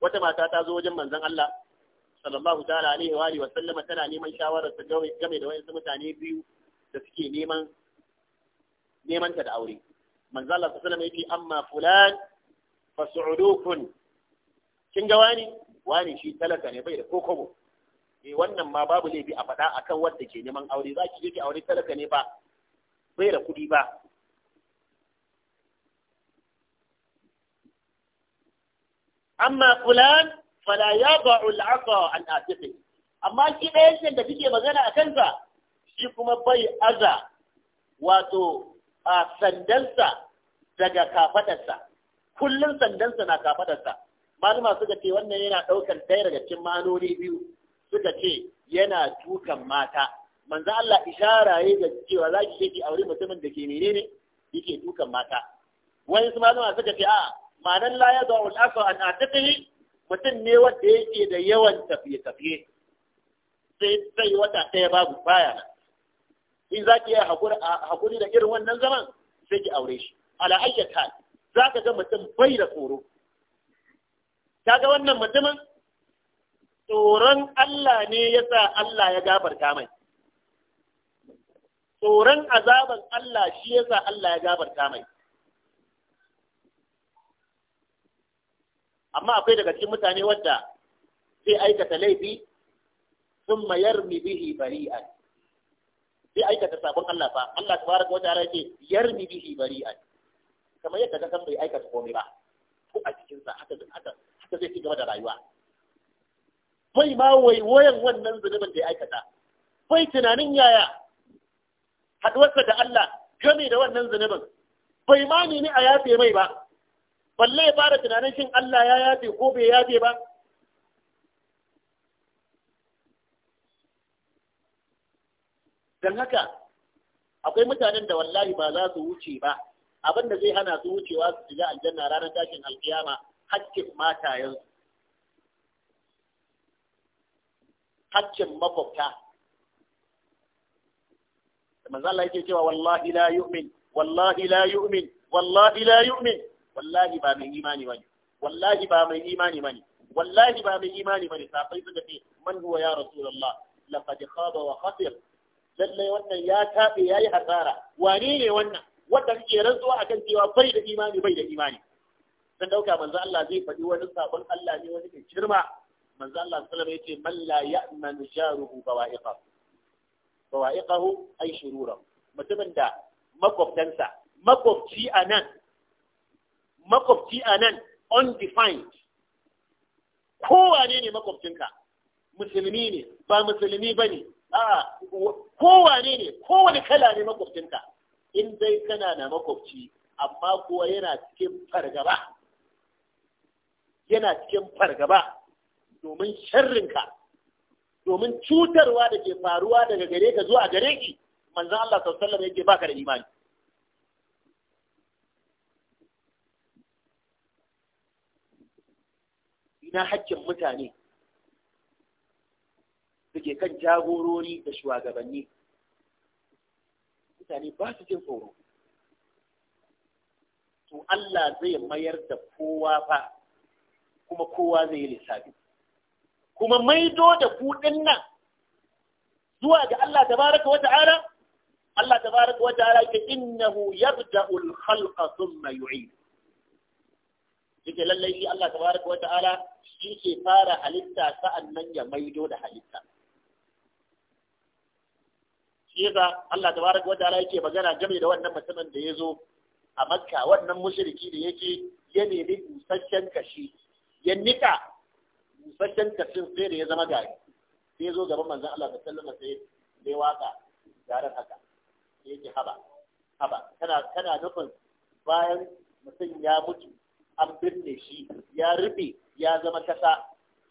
wata mata ta zo wajen manzon Allah sallallahu ta'ala alaihi wa alihi sallama tana neman shawarar ta game da wayansu mutane biyu da suke neman neman ta da aure manzon Allah sallallahu alaihi amma fulan fa su'udukun kin ga wani wani shi talaka ne bai da kokobo eh wannan ma babu laifi a faɗa akan wanda ke neman aure za ki je ki aure talaka ne ba bai da kuɗi ba amma fulan fala ba'u al'aqa an atiqi amma shi ɗayan da kike magana a kansa shi kuma bai aza wato a sandansa daga kafadarsa kullum sandansa na kafadarsa malama suka ce wannan yana ɗaukar ɗaya daga cikin ma'anoni biyu suka ce yana tukan mata manzo Allah ishara yayin da cewa za ki ki aure mutumin da ke menene yake tukan mata wani su zama suka ce a manan la ya zawul al an atiqi mutum ne wanda yake da yawan tafiye tafiye sai sai wata ɗaya babu baya in za ki hakuri hakuri da irin wannan zaman sai ki aure shi ala ayyatan za ka ga mutum bai da tsoro kaga ga wannan mutumin tsoron Allah ne ya sa Allah ya gafarta mai tsoron azaban Allah shi ya sa Allah ya gafarta mai amma akwai daga cikin mutane wadda sai aikata laifi sun mayar mi bihi bari'an sai aikata sabon Allah fa Allah tabaraka wa ta'ala yake mi bihi bari'an kamar yadda ka san bai aikata komai ba ko a cikinsa haka haka zai ci gaba da rayuwa bai ma waiwayan wannan zunubin da ya aikata bai tunanin yaya Haduwarsa da Allah game da wannan zunubin bai ma nemi a yafe mai ba balle ya fara tunanin shin Allah ya yafe ko bai yafe ba don haka akwai mutanen da wallahi ba za su wuce ba abin da zai hana su wucewa su shiga aljanna ranar tashin alkiyama hakkin matayensu haƙƙin makwabta manzo Allah yake cewa wallahi la yu'min wallahi la yu'min wallahi la yu'min wallahi ba mai imani bane wallahi ba mai imani bane wallahi ba mai imani bane safai suka ce man huwa ya rasulullah laqad khaba wa khasir lalle wannan ya tabe yayi hasara wane ne wannan wanda ke rantsuwa akan cewa bai da imani bai da imani sun dauka manzo Allah zai faɗi wani sabon Allah ne wani mai girma manzo Allah sallallahu alaihi wasallam yace man la ya'manu jaruhu bawa'iqa bawa'iqahu ay shurura mutumin da makoftansa makofti anan makofti anan undefined wane ne makoftinka musulmi ne ba musulmi bane a'a wane ne wani kala ne makoftinka in dai kana na makofti amma kuwa yana cikin fargaba yana cikin fargaba domin sharrinka domin cutarwa da ke faruwa daga gare ka zuwa gare ki manzon Allah sallallahu yake baka da imani ina hakkin mutane suke kan jagorori da shugabanni mutane ba su jin tsoro to Allah zai mayar da kowa fa kuma kowa zai yi lissafi kuma maido da kuɗin nan zuwa ga Allah tabaraka wa ta'ala Allah tabaraka wa ta'ala ke innahu yabda'u al-khalqa thumma yu'id yake lallai shi Allah tabaraka wa ta'ala shi ke fara halitta sa'annan ya maido da halitta shi yasa Allah tabaraka wa ta'ala yake magana game da wannan mutumin da ya zo a Makka wannan mushriki da yake ya nemi busasshen kashi ya nika busasshen kafin sai da ya zama gari sai zo gaban manzon Allah da sallama sai dai waka garin haka sai yake haba haba kana kana nufin bayan mutum ya mutu an binne shi ya rufe ya zama kasa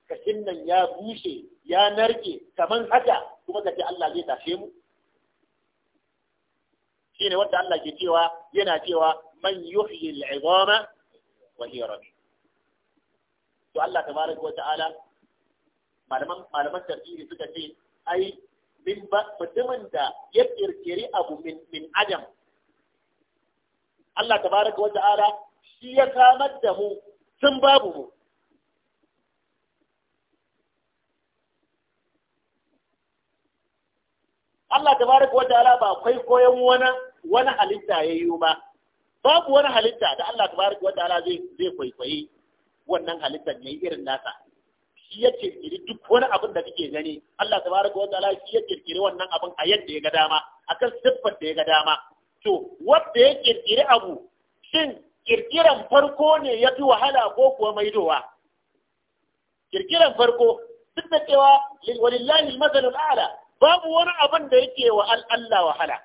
kashin nan ya bushe ya narke kaman haka kuma ka ce Allah zai tashe mu shine wanda Allah ke cewa yana cewa man yuhyi al-'idama wa hiya ramim to Allah tabaraka wa ta'ala malaman malaman tafsiri suka ce ai min mutumin da ya kirkiri abu min min adam Allah tabaraka wa ta'ala shi ya samar da mu tun babu mu Allah tabaraka wa ta'ala ba kai koyon wani wani halitta yayi ba babu wani halitta da Allah tabaraka wa ta'ala zai zai kwaikwayi wannan halittar ne irin nasa shi ya kirkiri duk wani abin da kake gani Allah tabaraka wa ta'ala shi ya kirkiri wannan abin a yadda ya ga dama akan siffar da ya ga dama to wanda ya kirkiri abu shin kirkiran farko ne ya fi wahala ko kuwa maidowa kirkiran farko duk da cewa walillahi masalul a'la babu wani abin da yake wa al'alla wahala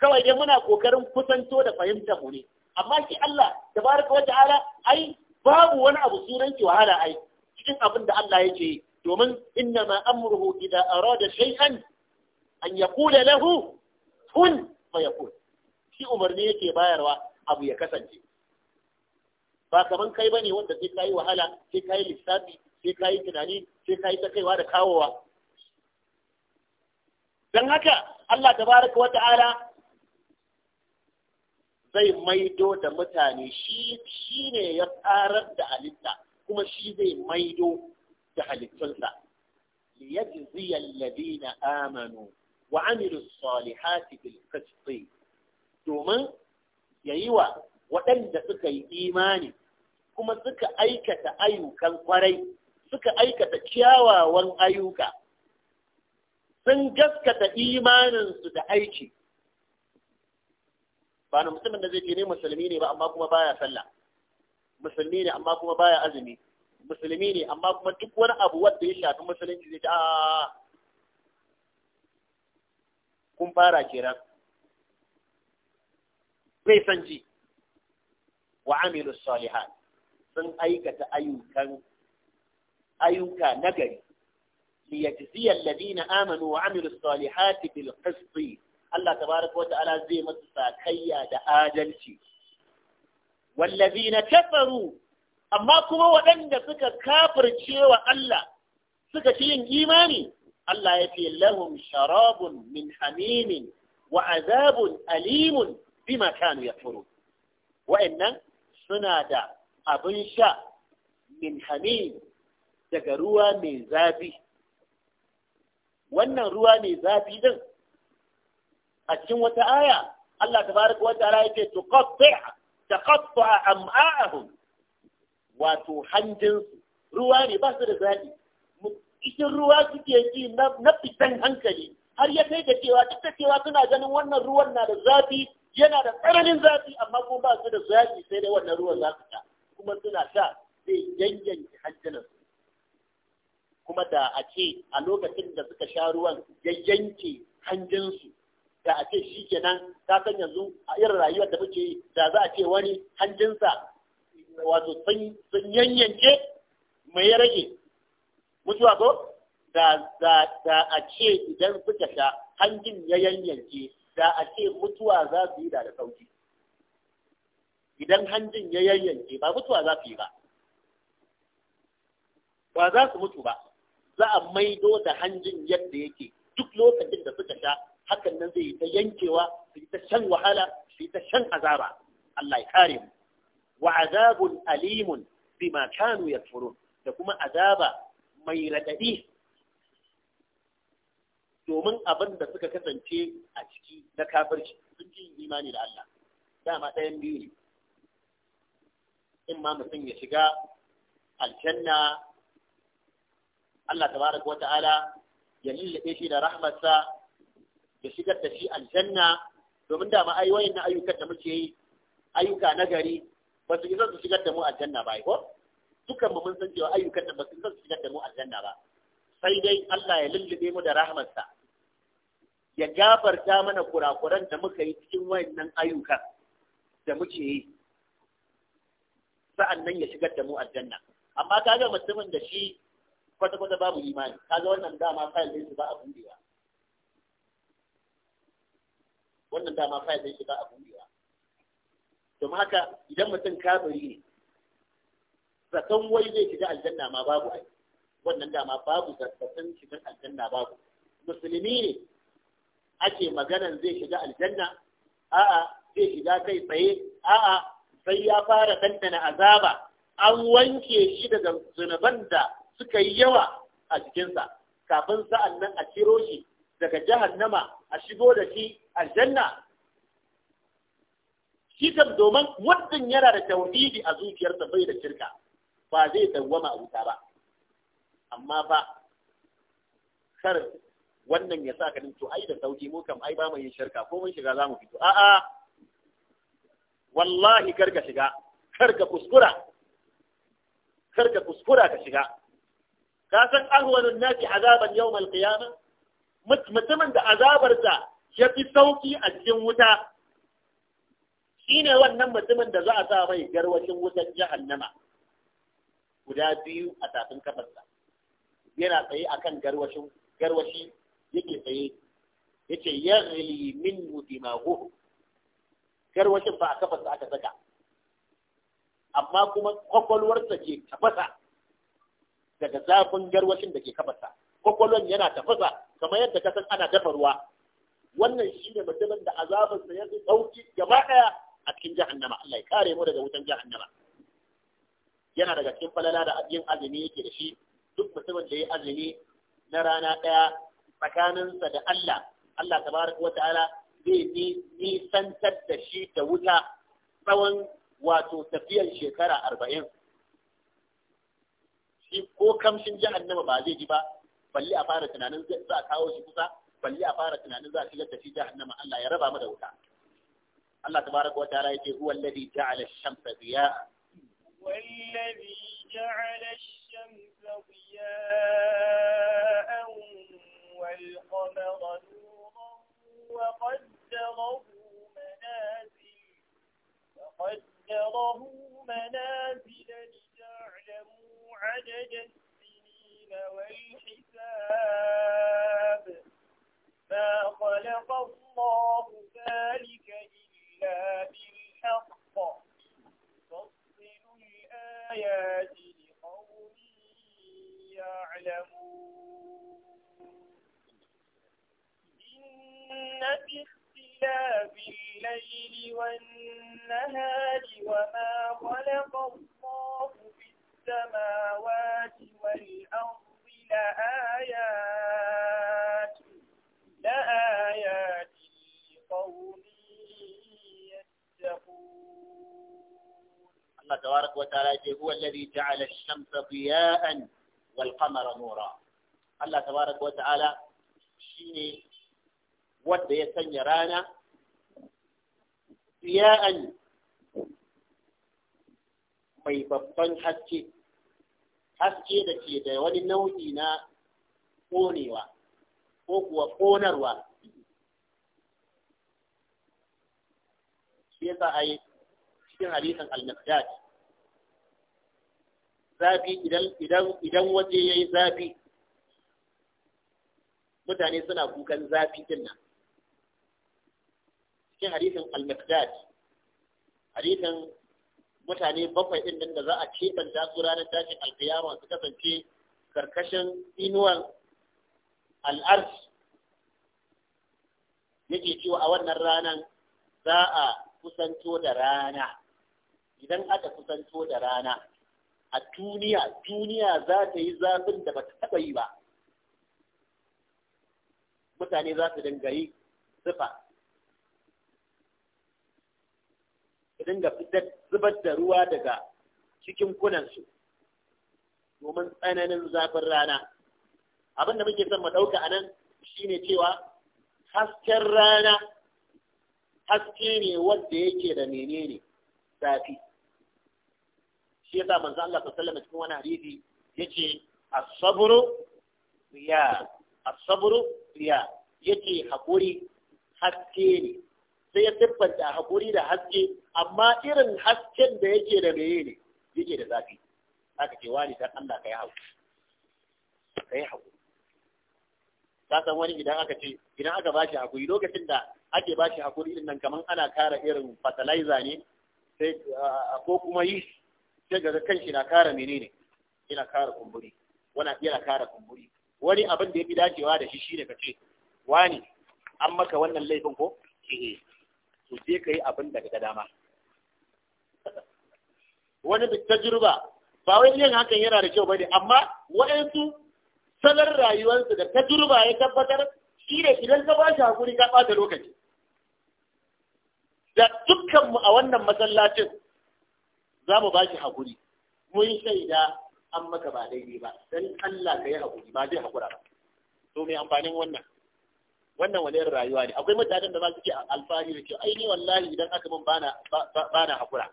kawai dai muna kokarin kusanto da fahimta mu ne amma shi Allah tabaraka wa ta'ala ai babu wani abu sunan ki wahala ai cikin abin da Allah yake domin inna ma amruhu idza arada shay'an an yaqula lahu kun fayakun shi umarni yake bayarwa abu ya kasance ba kaman kai bane wanda sai kai wahala sai kai lissafi sai kai tunani sai kai ta kaiwa da kawowa dan haka Allah tabaraka wa ta'ala zai maido da mutane shi ne ya tsarar da alita, kuma shi zai maido da halittunsa liyajziya Ladina amanu wa amilus salihati bil qist domin yayi wa waɗanda suka yi imani kuma suka aikata ayyukan kwarai suka aikata ciyawawan ayyuka sun gaskata imaninsu da aiki ba na mutumin da zai ce ne musulmi ne ba amma kuma baya sallah musulmi ne amma kuma baya azumi musulmi ne amma kuma duk wani abu wanda ya shafi musulunci zai ce kun fara kenan zai san ji wa amilu salihat sun aikata ayyukan ayyuka nagari liyajziyal ladina amanu wa amilu salihati bil qisti Allah tabaraka wa ta'ala zai masu sakayya da adalci na kafaru amma kuma waɗanda suka kafirce wa Allah suka ci yin imani Allah ya ce lahum sharabun min hamimin wa azabun alimun bima kanu yakfurun wa'annan suna da abin sha min hamim daga ruwa mai zafi wannan ruwa mai zafi din a cikin wata aya Allah tabaraka wa ta'ala yake tuqatta taqatta am'a'ahum wato hanjin ruwa ne ba su da zaɓi cikin ruwa suke ji na fitan hankali har ya kai da cewa duk da cewa suna ganin wannan ruwan na da zafi yana da tsananin zafi amma kuma ba su da zafi sai dai wannan ruwan za su sha kuma suna sha zai yanyanke hanjinan kuma da a ce a lokacin da suka sha ruwan ya yanke hanjinsu da a ce shi kenan ta san yanzu a irin rayuwar da muke yi da za a ce wani hanjinsa wato sun yanyanke mai ya rage mutuwa ko da da a ce idan suka sha hanjin ya yanyanke da a ce mutuwa za su yi da da sauki idan hanjin ya yanyanke ba mutuwa za su yi ba ba za su mutu ba za a maido da hanjin yadda yake duk lokacin da suka sha hakan nan zai yi ta yankewa su ta shan wahala su ta shan azaba Allah ya kare mu wa azabun alimun bima kanu yakfurun da kuma azaba mai radadi domin abin da suka kasance a ciki na kafirci sun ji imani da Allah dama ɗayan biyu ne in ma mutum ya shiga aljanna Allah tabaraka wa ta'ala ya lullube shi da rahmarsa da shigar da shi aljanna domin da ma ai wayannan ayyukan da muke yi ayyuka na gari ba su isa su shigar da mu aljanna ba ko dukan mu mun san cewa ayyukan da ba su isa su shigar da mu aljanna ba sai dai Allah ya lullube mu da rahmarsa ya gafarta mana kurakuran da muka yi cikin wayannan ayyukan da muke yi sa'an nan ya shigar da mu aljanna amma kaga mutumin da shi kwata-kwata babu imani kaga wannan dama fayil su ba a buɗewa wannan dama fayil din shi ba a buɗewa don haka idan mutum kafiri ne zaton wai zai shiga aljanna ma babu ai wannan dama babu zaton shiga aljanna babu musulmi ne ake maganan zai shiga aljanna a'a zai shiga kai tsaye a'a sai ya fara dandana azaba an wanke shi daga zunuban da suka yi yawa a jikinsa kafin sa'an nan a ciro shi daga jahannama a shigo da shi aljanna shi kam domin muddin yana da tauhidi a zuciyarsa bai da shirka ba zai dawwama a wuta ba amma ba kar wannan ya sa ka to ai da sauki mu kam ai ba mu yin shirka ko mun shiga za mu fito a'a wallahi kar ka shiga kar ka kuskura kar ka kuskura ka shiga ka san ahwanun nasi azaban yawmal qiyamah mutumin da azabarsa ya fi sauki a cikin wuta shi ne wannan mutumin da za a sa mai garwashin wutan jahannama guda biyu a tafin kafarsa yana tsaye a kan garwashi yake tsaye ya ce yarli min mudimahu garwashin ba a kafarsa aka saka amma kuma kwakwalwarsa ke tafasa daga zafin garwashin da ke kafarsa kwakwalwan yana tafasa kamar yadda ka san ana dafa ruwa wannan shine mutumin da azabar sa ya fi dauki gaba daya a cikin jahannama Allah ya kare mu daga wutan jahannama yana daga cikin falala da yin azumi yake da shi duk mutumin da ya azumi na rana daya tsakaninsa da Allah Allah tabaraka wataala zai ni nisantar da shi da wuta tsawon wato tafiyar shekara arba'in shi ko kamshin jahannama ba zai ji ba balle a fara tunanin za a kawo shi kusa balle a fara tunanin za a shigar da shi jahannama Allah ya raba mu wuta Allah tabaraka wa ta'ala yace huwa alladhi ja'ala ash-shamsa diya'a والذي جعل الشمس ضياء والقمر نورا وقدره منازل وقدره منازل لتعلموا عدد والحساب ما خلق الله ذلك إلا بالحق فصل الآيات لقوم يعلمون إن في اختلاف الليل والنهار وما خلق الله في السماوات والأرض لآيات لآيات لقوم يتقون الله تبارك وتعالى هو الذي جعل الشمس ضياء والقمر نورا الله تبارك وتعالى شيني ود يسني رانا ضياء mai babban haske haske da ke da wani nau'i na ƙonewa ko kuwa ƙonarwa shi yasa a yi cikin hadisin al-miqdad zafi idan waje ya yi zafi mutane suna kukan zafi din nan cikin hadisin al-miqdad hadisin mutane bakwai ɗin nan da za a da su ranar tashin alkiyama su kasance karkashin inuwar al'arz yake cewa a wannan ranar za a kusanto da rana idan aka kusanto da rana a duniya duniya za ta yi zafin da ba ta taɓa yi ba mutane za su dinga yi zufa dinga fitar zubar da ruwa daga cikin kunansu domin tsananin zafin rana abin da muke son mu ɗauka a nan shine cewa hasken rana haske ne wanda yake da menene zafi shi yasa manzo Allah sallallahu alaihi cikin wani hadisi yace as-sabru riya as-sabru riya yace hakuri haske ne sai ya siffanta haƙuri da haske amma irin hasken da yake da meye ne yake da zafi aka ce wani dan Allah ka yi kai haƙuri ka san wani idan aka ce idan aka bashi haƙuri lokacin da ake bashi haƙuri din nan kaman ana kara irin fertilizer ne sai ko kuma yi sai ga kanshi na kara menene yana kara kumburi wani yana kara kumburi wani abin da ya fi dacewa da shi shine ka ce wani an maka wannan laifin ko eh, eh. to je ka yi abin da dama wani da ba wai yin hakan yana da kyau bane amma waɗansu salar rayuwarsu da ta tajirba ya tabbatar shi ne idan ka ba shi hakuri ka ɓata lokaci da dukkanmu a wannan masallacin za mu ba shi hakuri mun shaida an maka ba daidai ba don Allah ka yi hakuri ba zai hakura ba to mai amfanin wannan wannan wani rayuwa ne akwai mutanen da ba su ke alfahari da cewa ai ni wallahi idan aka min ba na haƙura.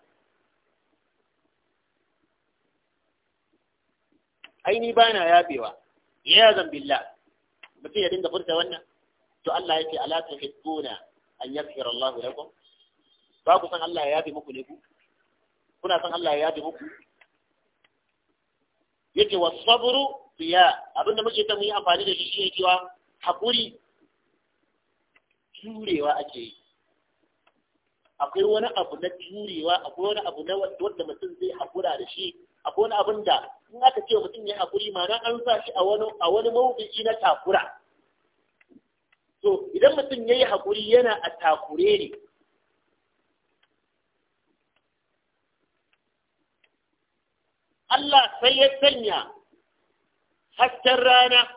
ai ni na yabewa ya zan billah mutum ya dinga furta wannan to Allah ya ce ala tuhibbuna an yaghfira Allah lakum ba ku san Allah ya yabe muku ne ku kuna san Allah ya yabe muku yake wasabru biya abinda muke ta mu yi amfani da shi shi ne cewa haƙuri. jurewa ake yi akwai wani abu na jurewa akwai wani abu na wanda mutum zai haƙura da shi akwai wani abin da in aka ce mutum ya haƙuri ma an sa shi a wani a wani mawuƙi na takura to idan mutum ya yi haƙuri yana a takure ne Allah sai ya sanya hasken rana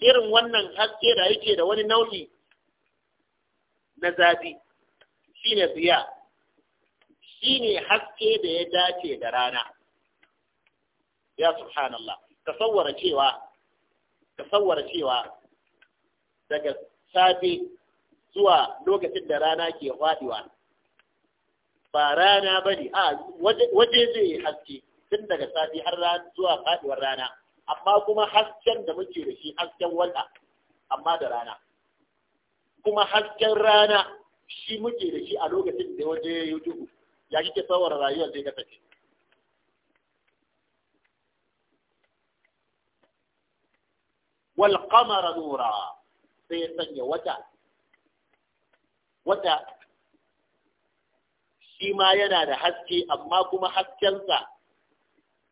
irin wannan haske da yake da wani nau'i na zafi shine biya shine haske da ya dace da rana ya subhanallah tasawwara cewa cewa daga safe zuwa lokacin da rana ke faɗiwa ba rana ba ne a waje zai yi haske tun daga safe har zuwa faɗiwar rana amma kuma hasken da muke da shi hasken wata amma da rana kuma hasken rana shi muke da shi a lokacin da waje ya yi ya kike tsawar rayuwa zai ga take wal qamar nura sai sanya wata wata shi ma yana da haske amma kuma haskensa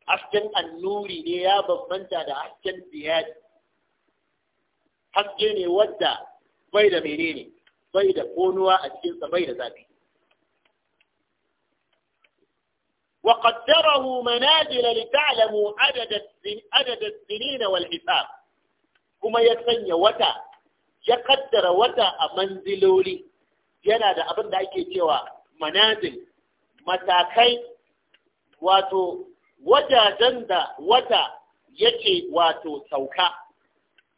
hasken annuri ne ya babbanta da hasken diyadi haske ne wadda bai da menene bai da konuwa a cikin sa bai da zafi wa qaddarahu manazil li ta'lamu adad adad wal hisab kuma ya sanya wata ya kaddara wata a manziloli yana da abin da ake cewa manazil matakai wato wajajen da wata yake wato sauka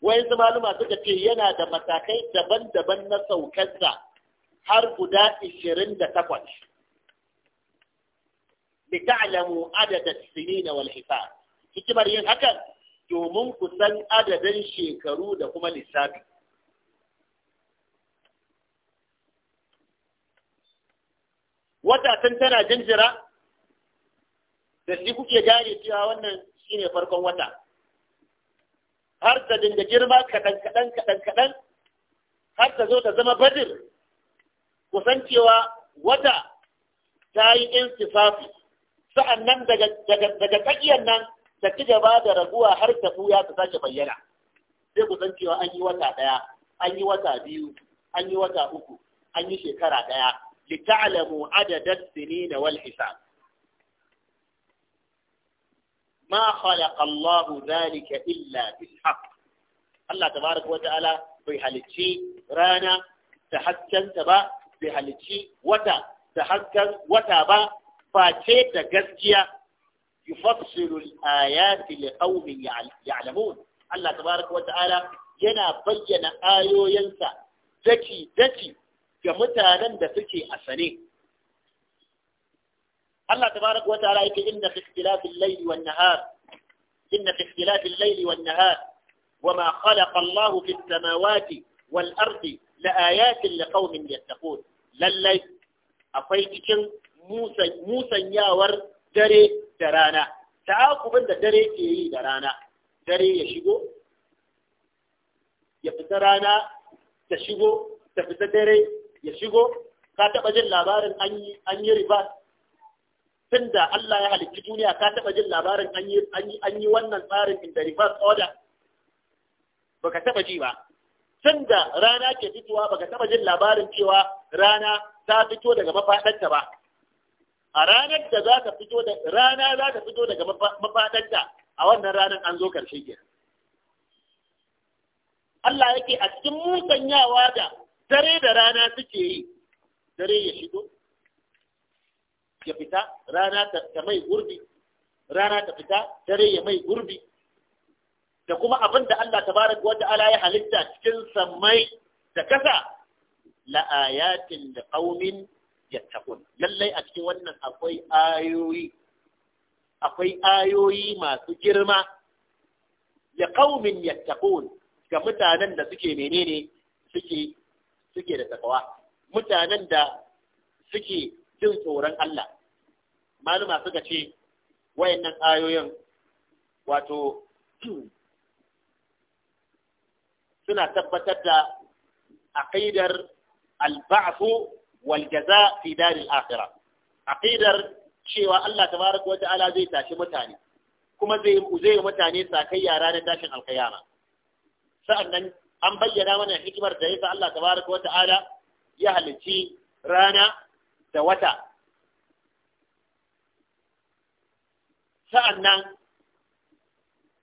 wai zama luma suka ce yana da matakai daban-daban na saukarsa har guda 28 bi ta'lamu adada sinina wal hisab hikimar yin hakan domin ku san adadin shekaru da kuma lissafi wata tun tana jinjira da shi kuke gane cewa wannan shine farkon wata har ta dinga girma kaɗan kaɗan kaɗan kaɗan har ta zo ta zama badir kusan cewa wata ta yi intifafi sa'an nan daga tsakiyar nan ta ci gaba da raguwa har ta buya ta sake bayyana sai kusan an yi wata ɗaya an yi wata biyu an yi wata uku an yi shekara ɗaya lita'lamu adadad sinina wal hisab ما خلق الله ذلك إلا بالحق الله تبارك وتعالى بيحلتشي رانا تحكم تبا بيحلتشي وتا تحكم وتا با فاتيت قسكيا يفصل الآيات لقوم يعلمون الله تبارك وتعالى ينا بينا آيو ينسى ذكي ذكي mutanen da suke الله تبارك وتعالى يقول إن في اختلاف الليل والنهار إن في اختلاف الليل والنهار وما خلق الله في السماوات والأرض لآيات لقوم يتقون للي أفيتكم موسى موسى ياور دري درانا تعاقبا دري كي درانا دري يشيبو يفترانا تشيبو تفتدري يشيبو كاتب أجل jin أن an tun da Allah ya halicci duniya ka taɓa jin labarin an yi wannan tsarin in the reverse order baka taɓa ji ba tun da rana ke fitowa baka taɓa jin labarin cewa rana ta fito daga mafadanta ba a ranar da za ka fito da rana za ta fito daga mafadanta a wannan ranar an zo ƙarshe ke Allah yake a cikin musanyawa da dare da rana suke yi dare ya shigo ya fita rana ta mai gurbi rana ta fita dare ya mai gurbi da kuma abin da Allah tabaraka wata ala ya halitta cikin sammai da kasa la ayatin da qaumin yattaqun lallai a cikin wannan akwai ayoyi akwai ayoyi masu girma ya qaumin yattaqun ga mutanen da suke menene suke da takawa mutanen da suke jin tsoron Allah maluma suka ce wayannan ayoyin wato suna tabbatar da aqidar albafu walgaza wal jaza fi daril akhirah aqidar cewa Allah tabaraka wa ta'ala zai tashi mutane kuma zai zai mutane sakayya ranar tashin alkiyama sa'annan an bayyana mana hikimar da yasa Allah tabaraka wa ta'ala ya halici rana da wata nan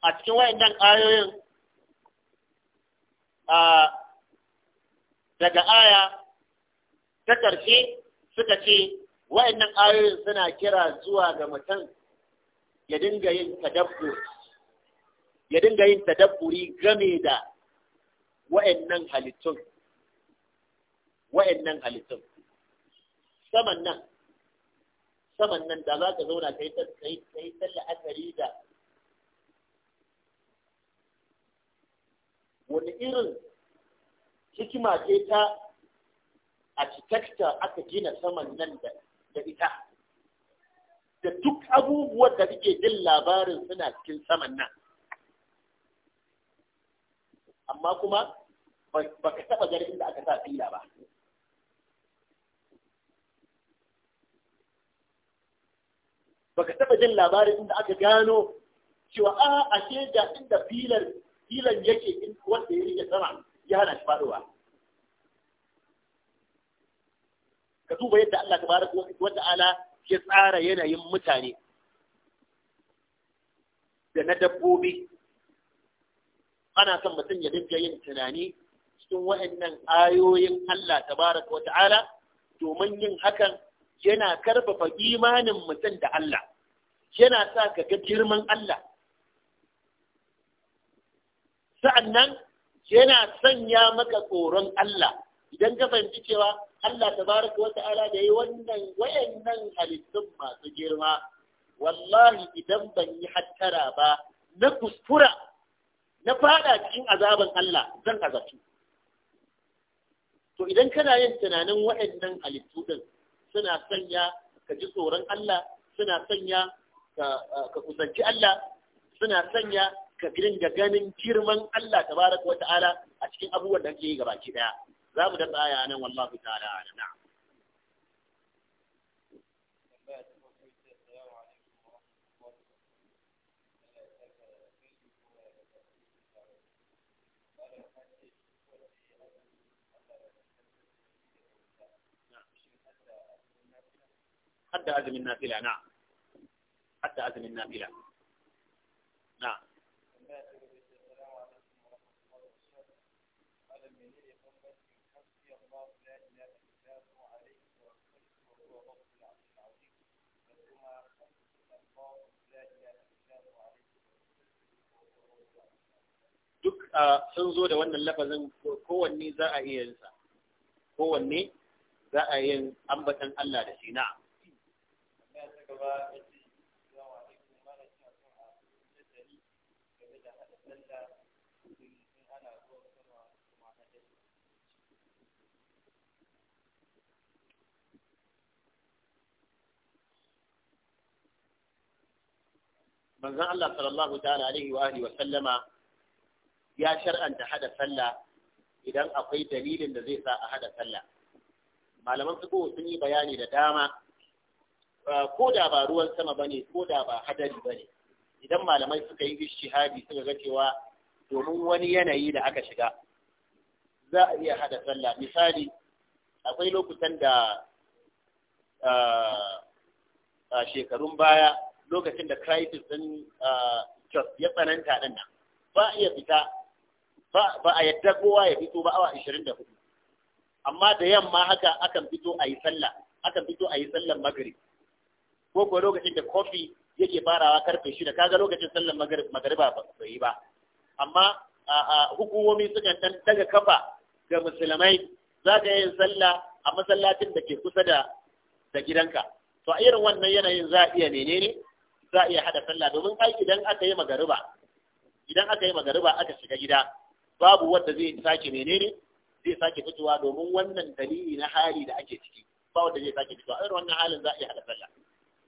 a cikin wayannan ayoyin a daga aya ta ƙarshe suka ce wayannan ayoyin suna kira zuwa ga mutum ya dinga yin tadabbur ya tadabburi game da wayannan halittun wayannan halittun saman nan saman nan da za ka zauna ka yi tsalla da wani irin hikima ce ta architecture aka gina saman nan da ita da duk abubuwan da suke jin labarin suna cikin saman nan amma kuma ba ka taɓa garin da aka sa fila ba baka taba jin labarin inda aka gano cewa a a ce ga inda filan filan yake in wanda ya rike sama ya hana shi faduwa ka duba yadda Allah tabaraka wa ta'ala ya tsara yanayin mutane da na dabbobi ana son mutum ya dinga yin tunani cikin wa'annan ayoyin Allah tabaraka wa ta'ala domin yin hakan yana karfafa imanin mutum da Allah yana sa ka ga girman Allah sa'annan yana sanya maka tsoron Allah idan ka fahimci cewa Allah ta baraka wata ara da yi wannan wayannan halittun masu girma wallahi idan ban yi hattara ba na kuskura na fada cikin azaban Allah zan azatu. to idan kana yin tunanin wayannan halittu din suna sanya ka ji tsoron Allah suna sanya ka kusanci Allah suna sanya ka dinga ganin girman Allah tabaraka wa ta'ala a cikin abubuwan da kake yi gabaki daya za mu da tsaya nan wallahi ta'ala na'am hadda azumin nafila نعم حتى أزم nafila na duk sun zo da wannan lafazin kowanne za a iya yin sa kowanne za a yin ambatan Allah da shi na'am gaba ya Allah sallallahu ta'ala alaihi wa alihi wa sallama ya shar'anta hada sallah idan akwai dalilin da zai sa a hada sallah malaman fiqh sun yi bayani da dama ko da ba ruwan sama ba ne ko da ba hadari ba ne idan malamai suka yi ishihadi suka ga cewa domin wani yanayi da aka shiga za a iya hada sallah misali akwai lokutan da a shekarun baya lokacin da crisis din Jos ya tsananta din nan ba a iya fita ba a yadda kowa ya fito ba awa 24 amma da yamma haka akan fito a yi sallah akan fito a yi sallar magrib ko ko lokacin da kofi yake farawa karfe shida kaga lokacin sallar magariba bai yi ba amma hukumomi suka dan daga kafa ga musulmai za ka yin sallah a masallacin da ke kusa da da gidanka to a irin wannan yanayin za a iya menene za a iya hada sallah domin ai idan aka yi magariba idan aka yi magariba aka shiga gida babu wanda zai sake menene zai sake fitowa domin wannan dalili na hali da ake ciki ba wanda zai sake fitowa irin wannan halin za a iya hada sallah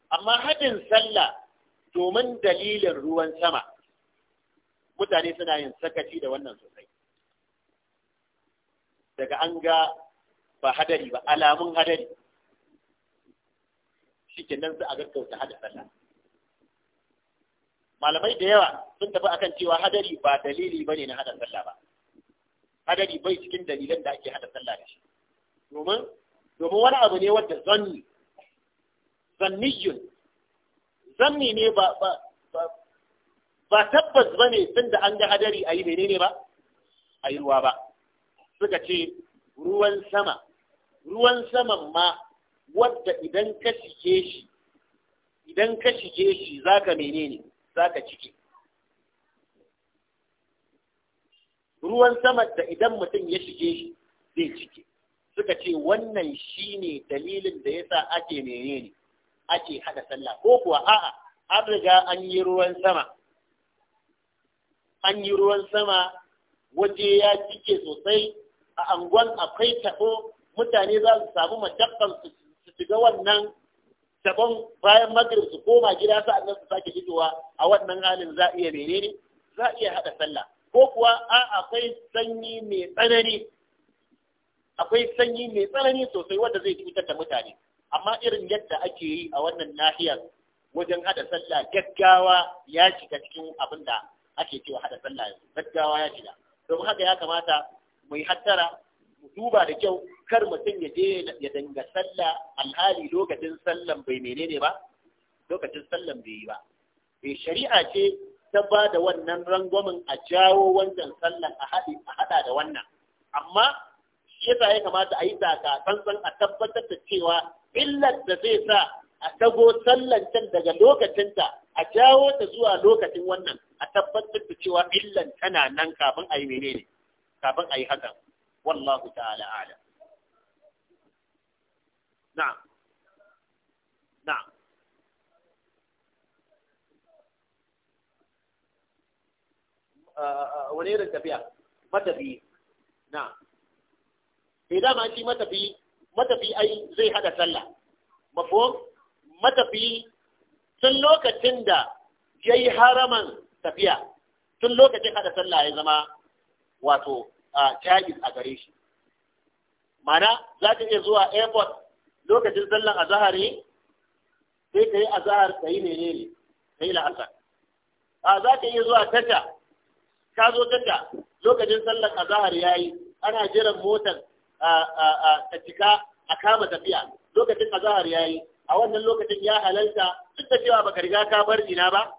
amma haɗin sallah domin dalilin ruwan sama mutane suna yin sakaci da wannan sosai daga an ga ba hadari ba alamun hadari shi nan za a gaggauta hada sallah malamai da yawa sun tafi akan cewa hadari ba dalili ba ne na hada sallah ba hadari bai cikin dalilan da ake hada sallah da shi domin wani abu ne wadda zonni zanniyun zanni ne ba ba tabbas ba ne tun da an ga hadari a yi menene ba a yi ruwa ba suka ce ruwan sama ruwan saman ma wadda idan ka shige shi idan ka shige shi za ka menene za ka cike ruwan sama da idan mutum ya shige shi zai cike suka ce wannan shine dalilin da ya sa ake menene ake haɗa sallah ko kuwa a'a an riga an yi ruwan sama an yi ruwan sama waje ya cike sosai a angon akwai taɓo mutane za su samu majabban su shiga wannan taɓon bayan magrib su koma gida sa'annan su sake fitowa a wannan halin za iya menene za iya haɗa sallah ko kuwa a akwai sanyi mai tsanani akwai sanyi mai tsanani sosai wanda zai cutar da mutane amma irin yadda ake yi a wannan nahiyar wajen hada sallah gaggawa ya shiga cikin abin da ake cewa hada sallah yanzu gaggawa ya shiga domin haka ya kamata mu yi hattara mu duba da kyau kar mutum ya je ya danga sallah alhali lokacin sallan bai menene ba lokacin sallan bai yi ba bai eh, shari'a ce ta ba da wannan rangwamin a jawo wancan sallan a haɗa da wannan amma shi yasa ya kamata a yi zaka tsantsan a tabbatar da cewa illar da zai sa a dago sallan can daga lokacinta a jawo ta zuwa lokacin wannan a tabbatar da cewa illar tana nan kafin a yi menene kafin a yi hakan wallahu ta'ala ala na na uh, uh, wani irin tafiya matafi na'am sai eh, dama shi matafi matafi ai zai hada sallah mafhum matafi tun lokacin da yayi haraman tafiya tun lokacin hada sallah ya zama wato a tajin a gare shi mana za ka iya zuwa airport lokacin sallan azahar sai ka yi azahar ka yi menene ka yi la'asar a za ka iya zuwa tata ka zo tata lokacin sallan azahar ya yi ana jiran motar ta cika a kama tafiya lokacin azahar yi. a wannan lokacin ya halalta duk da cewa baka riga ka bar jina ba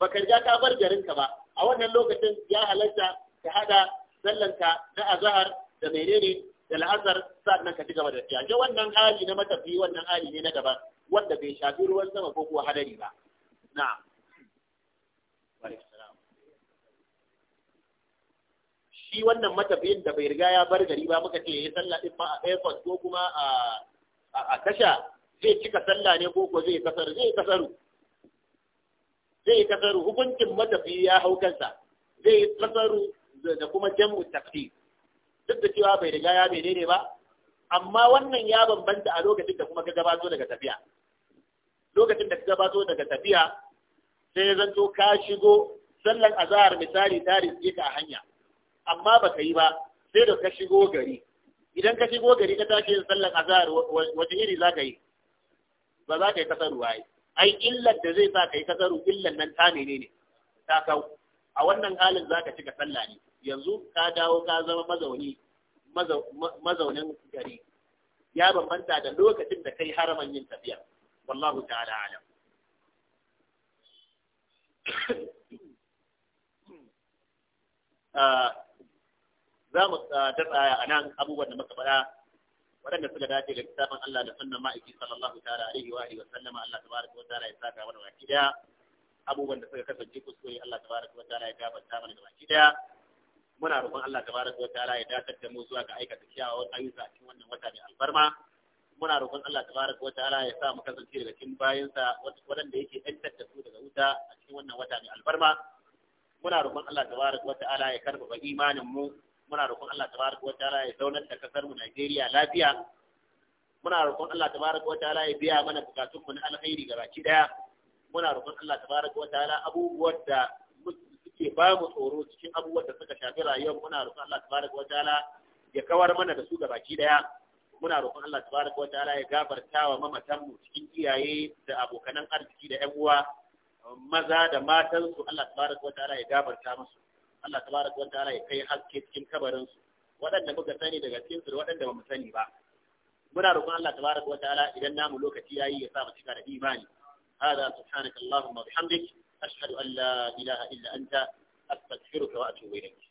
baka riga ka bar garinka ba a wannan lokacin ya halalta ka hada sallanka na azahar da menene da la'asar sannan ka ci gaba da tafiya ga wannan hali na matafi wannan hali ne na gaba wanda bai shafi ruwan sama ko kuwa hadari ba na'am shi wannan matafiyin da bai riga ya bar gari ba muka ce ya sallah din ma a airport ko kuma a kasha, zai cika sallah ne ko ko zai kasar zai kasaru zai kasaru hukuncin matafiyi ya hau kansa zai kasaru da kuma jam'u takfir duk da cewa bai riga ya bai ne ba amma wannan ya bambanta a lokacin da kuma ka gabato daga tafiya lokacin da ka gabato daga tafiya sai ya zanto ka shigo sallan azahar misali tarihi ka hanya amma baka yi ba sai da ka shigo gari idan ka shigo gari ka tashi yin sallar azhar wace iri za ka yi ba za ka yi kasaru ba. ai illar da zai sa ka yi kasaru illar nan ta menene ta kau a wannan halin za ka cika sallah ne yanzu ka dawo ka zama mazauni mazaunin gari ya bambanta da lokacin da kai haraman yin tafiya wallahu ta'ala alam ah, za mu ah, tsada a nan abubuwan da muka faɗa waɗanda suka dace da littafin Allah da sunnan ma'aiki sallallahu ta'ala alaihi wa alihi wa sallama Allah tabaraka wa ta'ala ya saka mana baki daya abubuwan da suka kasance kuskure Allah tabaraka wa ta'ala ya gafarta mana baki daya muna roƙon Allah tabaraka wa ta'ala ya dakatar da mu zuwa ga aikata kyawawan ayyuka a cikin wannan wata mai albarma. muna roƙon Allah tabaraka wa ta'ala ya sa mu kasance daga cikin bayansa waɗanda yake ɗantar da su daga wuta a cikin wannan wata mai albarma. muna roƙon Allah tabaraka wa ta'ala ya karɓa imanin mu muna roƙon Allah tabaraka ta'ala ya zaunar da kasar mu Najeriya lafiya muna roƙon Allah tabaraka ta'ala ya biya mana bukatun mu na alkhairi ga baki daya muna roƙon Allah tabaraka ta'ala abubuwan da suke ba mu tsoro cikin abubuwan da suka shafi rayuwar muna roƙon Allah tabaraka ta'ala ya kawar mana da su ga baki daya muna roƙon Allah tabaraka ta'ala ya gafarta wa mamatan mu cikin iyaye da abokan arziki da ƴan uwa maza da matansu Allah tabaraka ta'ala ya gafarta musu Allah tabaraka wa ta'ala ya kai haske cikin kabarin su waɗanda muka sani daga cikin su da waɗanda bamu sani ba muna roƙon Allah tabaraka wa ta'ala idan namu lokaci yayi ya sa mu cika da imani hada subhanaka allahumma bihamdik ashhadu an la ilaha illa anta astaghfiruka wa atubu ilayk